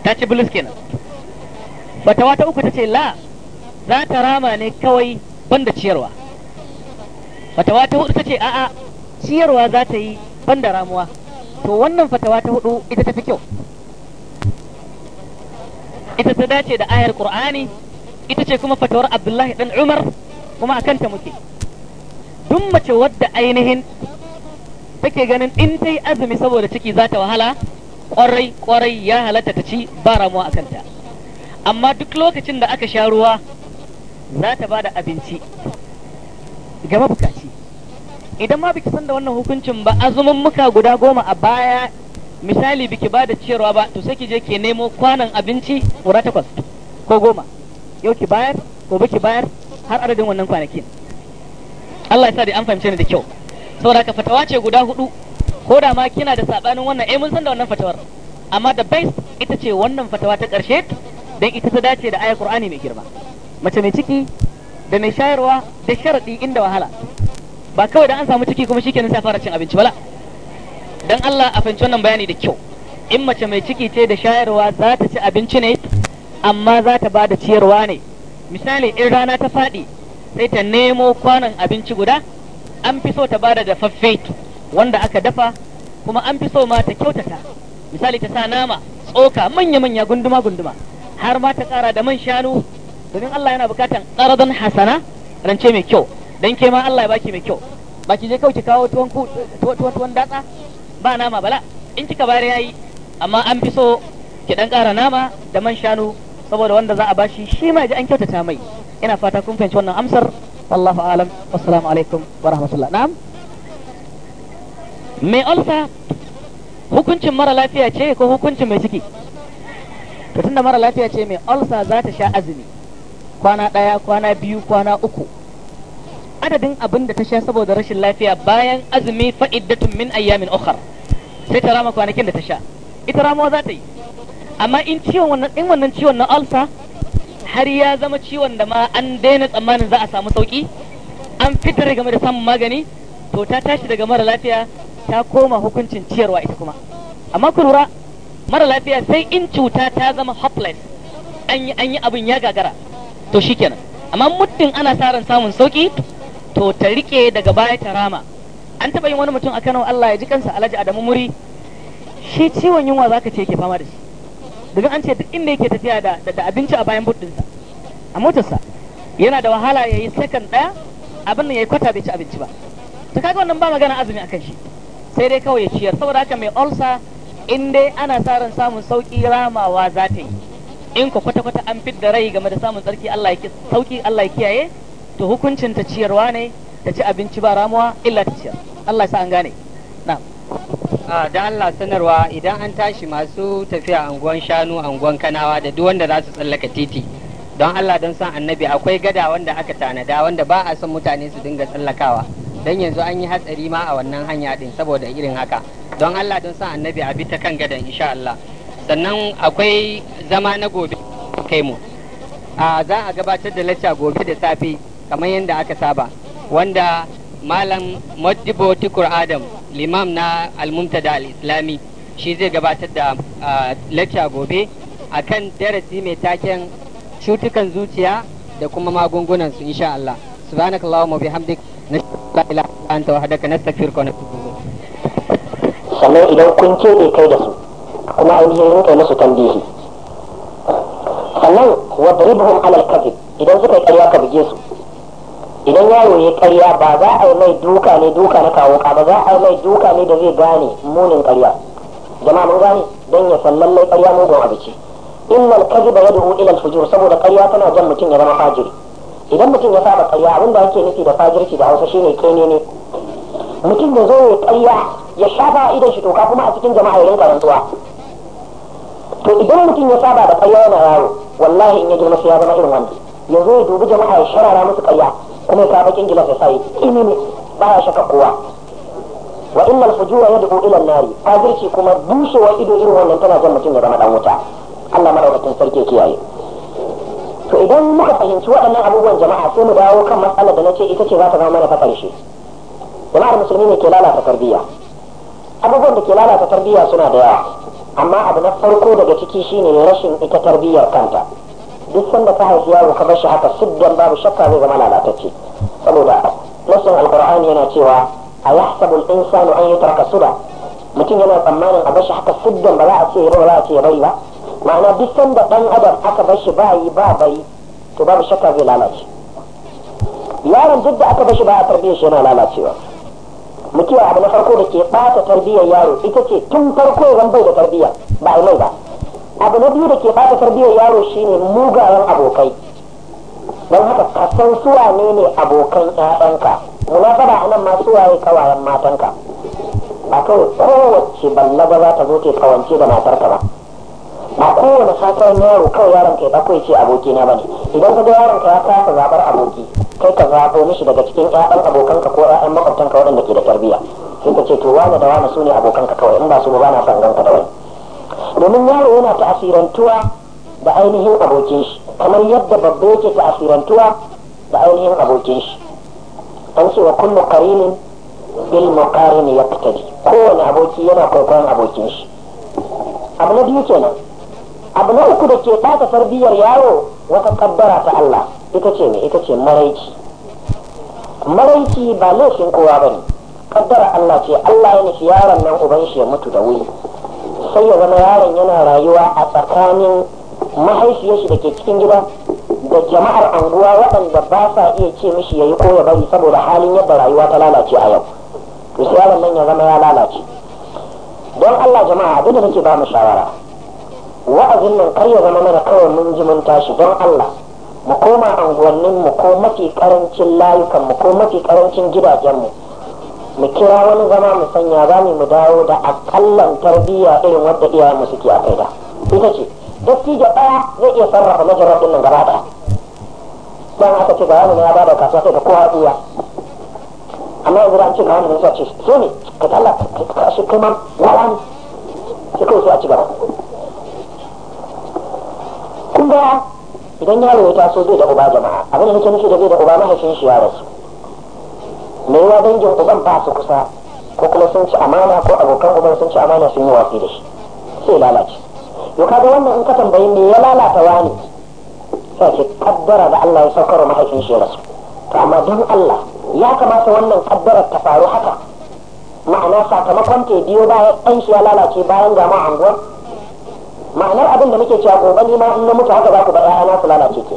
ta ci bulus kenan fitawa ta uku ta ce la za ta rama ne kawai banda ciyarwa fitawa ta hudu ta ce a'a ciyarwa za ta yi banda ramuwa to wannan fitawa ta hudu ita tafi kyau ita ta dace da ayar qur'ani ita ce kuma fatawar abdullahi dan umar kuma akan ta muke duk mace wadda ainihin take ganin in ta yi azumi saboda ciki za ta wahala kwarai kwarai ya halatta ta ci ba ramuwa a kanta amma duk lokacin da aka sha ruwa za ta ba da abinci ga mabukaci idan ma biki san da wannan hukuncin ba azumin muka guda goma a baya misali biki ba da ciyarwa ba to sai ki je ke nemo kwanan abinci kura takwas ko goma yau ki bayar gobe ki bayar har adadin wannan kwanakin Allah ya sa dai an fahimce ni da kyau saboda haka fatawa ce guda hudu ko da ma kina da sabanin wannan eh mun san da wannan fatawar amma da best ita ce wannan fatawa ta karshe dan ita ta dace da ayar Qur'ani mai girma mace mai ciki da mai shayarwa da sharadi inda wahala ba kawai dan an samu ciki kuma shikenan sai fara cin abinci bala dan Allah a fahimci wannan bayani da kyau in mace mai ciki ce da shayarwa za ta ci abinci ne amma za ta ba da ciyarwa ne misali in rana ta faɗi sai ta nemo kwanon abinci guda an fi so ta bada dafaffe wanda aka dafa kuma an fi so ma ta kyautata misali ta sa nama tsoka manya-manya gunduma-gunduma har ma ta kara da man shanu domin Allah yana bukatan ƙaradan hasana rance mai kyau dan ke ma Allah ya baki mai kyau ba je kawai ki kawo tuwon tuwon datsa ba nama bala in kika bare yayi amma an fi so ki dan ƙara nama da man shanu saboda wanda za a bashi shi ma ji an kyautata mai ina fata kun fahimci wannan amsar wallahu alam assalamu alaikum wa rahmatullah na'am mai ulsa hukuncin mara lafiya ce ko hukuncin mai ciki to tunda mara lafiya ce mai ulsa za ta sha azumi kwana ɗaya kwana biyu kwana uku adadin abin da ta sha saboda rashin lafiya bayan azumi fa'iddatun min ayyamin ukhra sai ta rama kwanakin da ta sha ita ramuwa za ta yi amma in ciwon wannan in wannan ciwon na ulsa har ya zama ciwon da ma an daina tsammanin za a samu sauki an fitar game da samun magani to ta tashi daga mara lafiya ta koma hukuncin ciyarwa ita kuma amma ku lura mara lafiya sai in cuta ta zama hopeless an yi an yi abin ya gagara to shikenan amma muddin ana sa ran samun sauki to ta rike daga baya ta rama an taba yin wani mutum a Kano Allah ya ji kansa Alhaji Adamu Muri shi ciwon yunwa zaka ce yake fama da shi daga an ce duk inda yake tafiya da da abinci a bayan buɗinsa a motarsa yana da wahala ya yi sakan ɗaya abin da ya yi kwata bai ci abinci ba ta kaga wannan ba magana azumi akan shi sai dai kawai ya ciyar saboda haka mai olsa in dai ana sa ran samun sauki ramawa za ta yi in ku kwata kwata an fidda rai game da samun tsarki Allah ya sauki Allah ya kiyaye to hukuncin ta ciyarwa ne ta ci abinci ba ramuwa illa ta ciyar Allah ya sa an gane na'am a ah, da Allah sanarwa idan an tashi masu tafiya anguwan shanu anguwan kanawa da duk wanda za su tsallaka titi don Allah don san annabi akwai gada wanda aka tanada wanda ba a son mutane su dinga tsallakawa don yanzu an yi hatsari ma a wannan hanya din saboda irin haka don Allah don san annabi a bi ta kan gadan insha Allah sannan akwai zama na gobe kai mu a ah, za a gabatar da lacca gobe da safe kamar yadda aka saba wanda malam modibo tukur adam limam na almumtada al-islami shi zai gabatar da lecture gobe akan darasi mai taken cutukan zuciya da kuma magungunan su insha Allah wa bihamdik nashhadu la ilaha anta wahdaka nastaghfiruka wa natubu sannan idan kun ne eh kai da su kuma ainihin rinka musu tambihi sannan wa ala alal kadhib idan suka yi ƙarya ka buge su idan yaro ya karya ba za a yi mai duka ne duka na kawo ka ba za a yi mai duka ne da zai gane munin karya jama mun gane don ya san lallai karya mugun abu ce innal kadhiba yad'u ila al-fujur saboda karya tana jan mutum ya zama fajiri idan mutum ya saba karya abin da ake nufi da fajirci da Hausa shine kene ne mutum ya zo ya karya ya shafa idan shi toka kuma a cikin jama'a ya rinka rantsuwa to idan mutum ya saba da karya yana yaro wallahi in ya girma sai ya zama irin wanda yanzu ya dubi jama'a ya sharara musu karya kuma ka bakin gila sosai ini ne ba ya shaka kowa wa innal fujura yad'u ila an-nari fajirci kuma bushewa ido irin wannan tana jan mutum ya zama dan wuta Allah madaukakin sarki kiyaye to idan muka fahimci waɗannan abubuwan jama'a sai mu dawo kan matsalar da na ce ita ce za ta zama mana ta jama'ar musulmi ne ke lalata tarbiyya abubuwan da ke lalata tarbiyya suna da yawa amma abu na farko daga ciki shine rashin ita tarbiyyar kanta duk sanda ka haifi yaro ka bashi haka siddan babu shakka zai zama lalatacce saboda nasin alqur'ani yana cewa a yahsabu al-insanu an yutraka suda mutum yana tsammanin a bashi haka siddan ba za a ce ya ba za a ce ya bari ba ma'ana duk sanda dan adam aka bashi ba yi ba bai to babu shakka zai lalace yaron duk da aka bashi ba a tarbiyyar shi yana lalacewa mutuwa abu na farko da ke bata tarbiyyar yaro ita ce tun farko ya bai da tarbiyya ba a mai ba abu na biyu da ke bata tarbiyyar yaro shine mugayen abokai don haka ka san suwa ne ne abokan ƴaƴanka a anan masu waye kawayen matanka ba kawai kowace balla ba za ta zo ke kawance da matarka ba ba kowane satar yaro kawai yaron ka ya ɗauko ce aboki na bane idan ka ga yaron ka ya kasa zabar aboki kai ka zabo mishi daga cikin ƴaƴan abokanka ko ƴaƴan makwabtanka waɗanda ke da tarbiyya sai ka ce to wane da wane su ne abokanka kawai in ba su ba na son ganka da wani domin yaro yana ta'asirantuwa da ainihin abokin shi kamar yadda babba yake ta'asirantuwa da ainihin abokin shi an ce wa kullu qarinin bil muqarin yaqtadi kowane aboki yana kwaikwayon abokin shi abu na biyu kenan abu na uku da ke ɓata tarbiyyar yaro wata kabbara ta Allah ita ce ne ita ce maraici maraici ba laifin kowa bane kabbara Allah ce Allah ya nufi yaron nan uban shi ya mutu da wuri sai ya zama yaron yana rayuwa a tsakanin mahaifiyarshi da ke cikin gida da jama'ar anguwa waɗanda ba sa iya ce mishi ya yi ko ya bari saboda halin yadda rayuwa ta lalace a yau to sai yaron nan ya zama ya lalace don Allah jama'a abin da nake ba mu shawara wa'azin nan kar ya zama mana kawai mun ji mun tashi don Allah mu koma anguwannin mu ko mafi karancin layukan mu ko mafi karancin gidajen mu mu kira wani zama mu sanya za mu mu dawo da akallan tarbiyya irin wadda iyayen mu suke a kai da ita ce dattijo ɗaya zai iya sarrafa majalar ɗin nan gaba ɗaya dan aka ce bayanin ya bada kasuwa sai ka kowa iya amma yanzu da an ce bayanin sa ce so ne ka talla ka shi kuma wala ne sai kawai su a ci gaba kun ga idan yaro ya taso zai da uba jama'a abin da nake nufi da zai da uba mahaifin shi ya rasu me yawa dangin uban ba su kusa ko kuma sun ci amana ko abokan uban sun ci amana sun yi watsi da shi sai lalace to kaga wannan in ka tambayi me ya lalata wani sai ce kaddara da Allah ya saukar wa mahaifin shi rasu to amma don Allah ya kamata wannan kaddarar ta faru haka ma'ana sakamakon ta biyo bayan ɗan shi ya lalace bayan gama anguwar ma'anar abin da muke cewa gobe ni ma in na mutu haka za ku ba ƴaƴana su lalace ke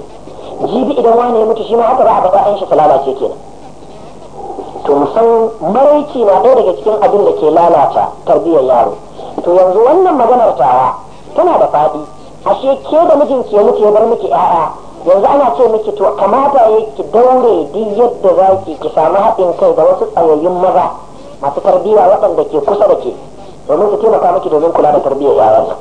jibi idan wani ya mutu shi ma haka ba a ba ƴaƴan shi su lalace kenan to musan maraici na ɗaya daga cikin abin da ke lalata tarbiyyar yaro to yanzu wannan maganar tawa tana da faɗi ashe ke da mijinki ya mutu bar miki 'ya'ya yanzu ana ce miki to kamata ya ki daure duk yadda za ki ki samu haɗin kai da wasu tsayayyun maza masu tarbiyya waɗanda ke kusa da ke domin su taimaka miki domin kula da tarbiyyar yaron.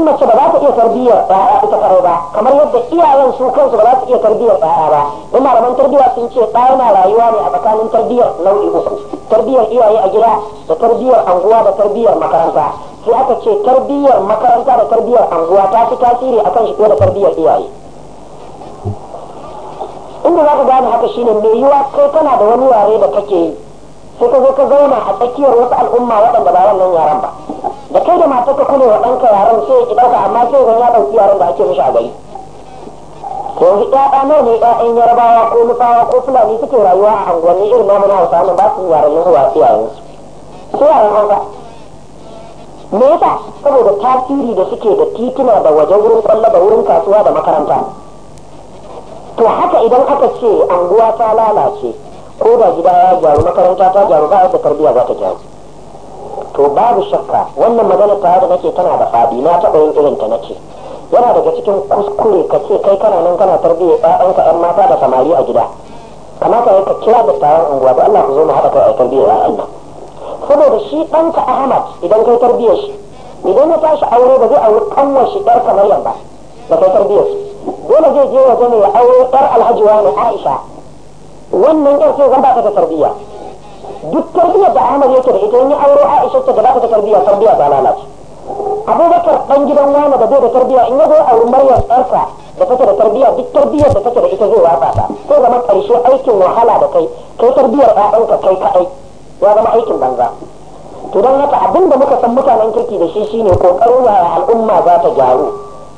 domin mace ba za ta iya tarbiyyar a ita karo ba kamar yadda iyayen su kansu ba za su iya tarbiyyar aya ba don malaman tarbiyya sun ce ɗaya na rayuwa ne a tsakanin tarbiyyar nau'i uku tarbiyyar iyaye a gida da tarbiyyar anguwa da tarbiyyar makaranta sai aka ce tarbiyyar makaranta da tarbiyyar anguwa ta fi tasiri kan shi da tarbiyyar iyaye inda za ka gane haka shine mai yiwa kai kana da wani ware da kake yi sai ka zo ka zauna a tsakiyar wasu al'umma waɗanda ba wannan yaran ba da kai da matar ka kune wa ka yaran sai ki ɗauka amma sai zan ya ɗauki yaran da ake musu a gari shi ɗaya nawa ne ƴaƴan yarabawa ko nufawa ko fulani suke rayuwa a unguwanni irin namu na hausa ba su yaran yanzu ba su yaran su su yaran hausa me yasa saboda tasiri da suke da tituna da waje wurin kwallo da wurin kasuwa da makaranta to haka idan aka ce anguwa ta lalace ko da gida ya gyaru makaranta ta gyaru ba a da tarbiyya za ta gyaru to babu shakka wannan magana ta da nake tana da faɗi na taɓa yin irin ta nake yana daga cikin kuskure ka ce kai kana nan kana tarbiyyar ɗanka ɗan mata da samari a gida kamata ya ka kira da taron unguwa ba Allah ku zo mu haɗa kai a tarbiyyar Allah saboda shi ɗanka Ahmad idan kai tarbiyyar shi idan ya tashi aure ba zai aure kanwar shi ɗar Maryam ba da kai tarbiyyar shi dole zai je waje ne ya aure ɗar Alhaji wani Aisha wannan yar sai zan ba ta tarbiyya duk tarbiyyar da Ahmad yake da ita in yi aure Aisha ta da ba ta tarbiyya tarbiyya ta lalace Abubakar dan gidan wani da bai da tarbiyya in ya zo a Maryam ɗarsa da take da tarbiyya duk tarbiyyar da take da ita zai wafa ta sai zama karshe aikin wahala da kai kai tarbiyyar ɗanka kai kaɗai ya zama aikin banza to don haka abin da muka san mutanen kirki da shi shine kokarin wa al'umma za ta gyaru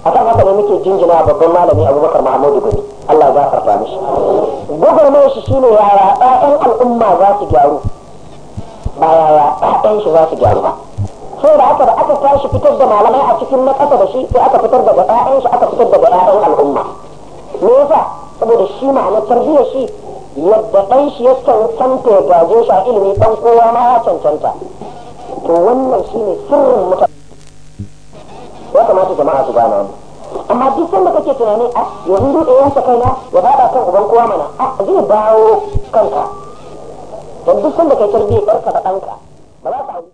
akan haka ne muke jinjina babban malami Abubakar Muhammadu Gani Allah a gafarta mishi gugurmar shi shine yara ɗayan al'umma za su gyaru ba yara ɗayan shi za su gyaru ba sai da aka da aka tashi fitar da malamai a cikin na ƙasa da shi sai aka fitar da ɗayan shi aka fitar da ɗayan al'umma me yasa saboda shi ma'ana tarbiyyar shi yadda ɗan shi ya cancanta ya gaje shi a ilimi ɗan kowa ma ya cancanta to wannan shine sirrin mutane ya kamata jama'a su gane wannan amma duk sanda kake tunani a ah, yanzu duk ɗayan sa kaina ya bada kan uban kowa mana a ah, zai bawo kanka don duk sanda kai tarbiyyar ɗarka da ɗanka ba za ka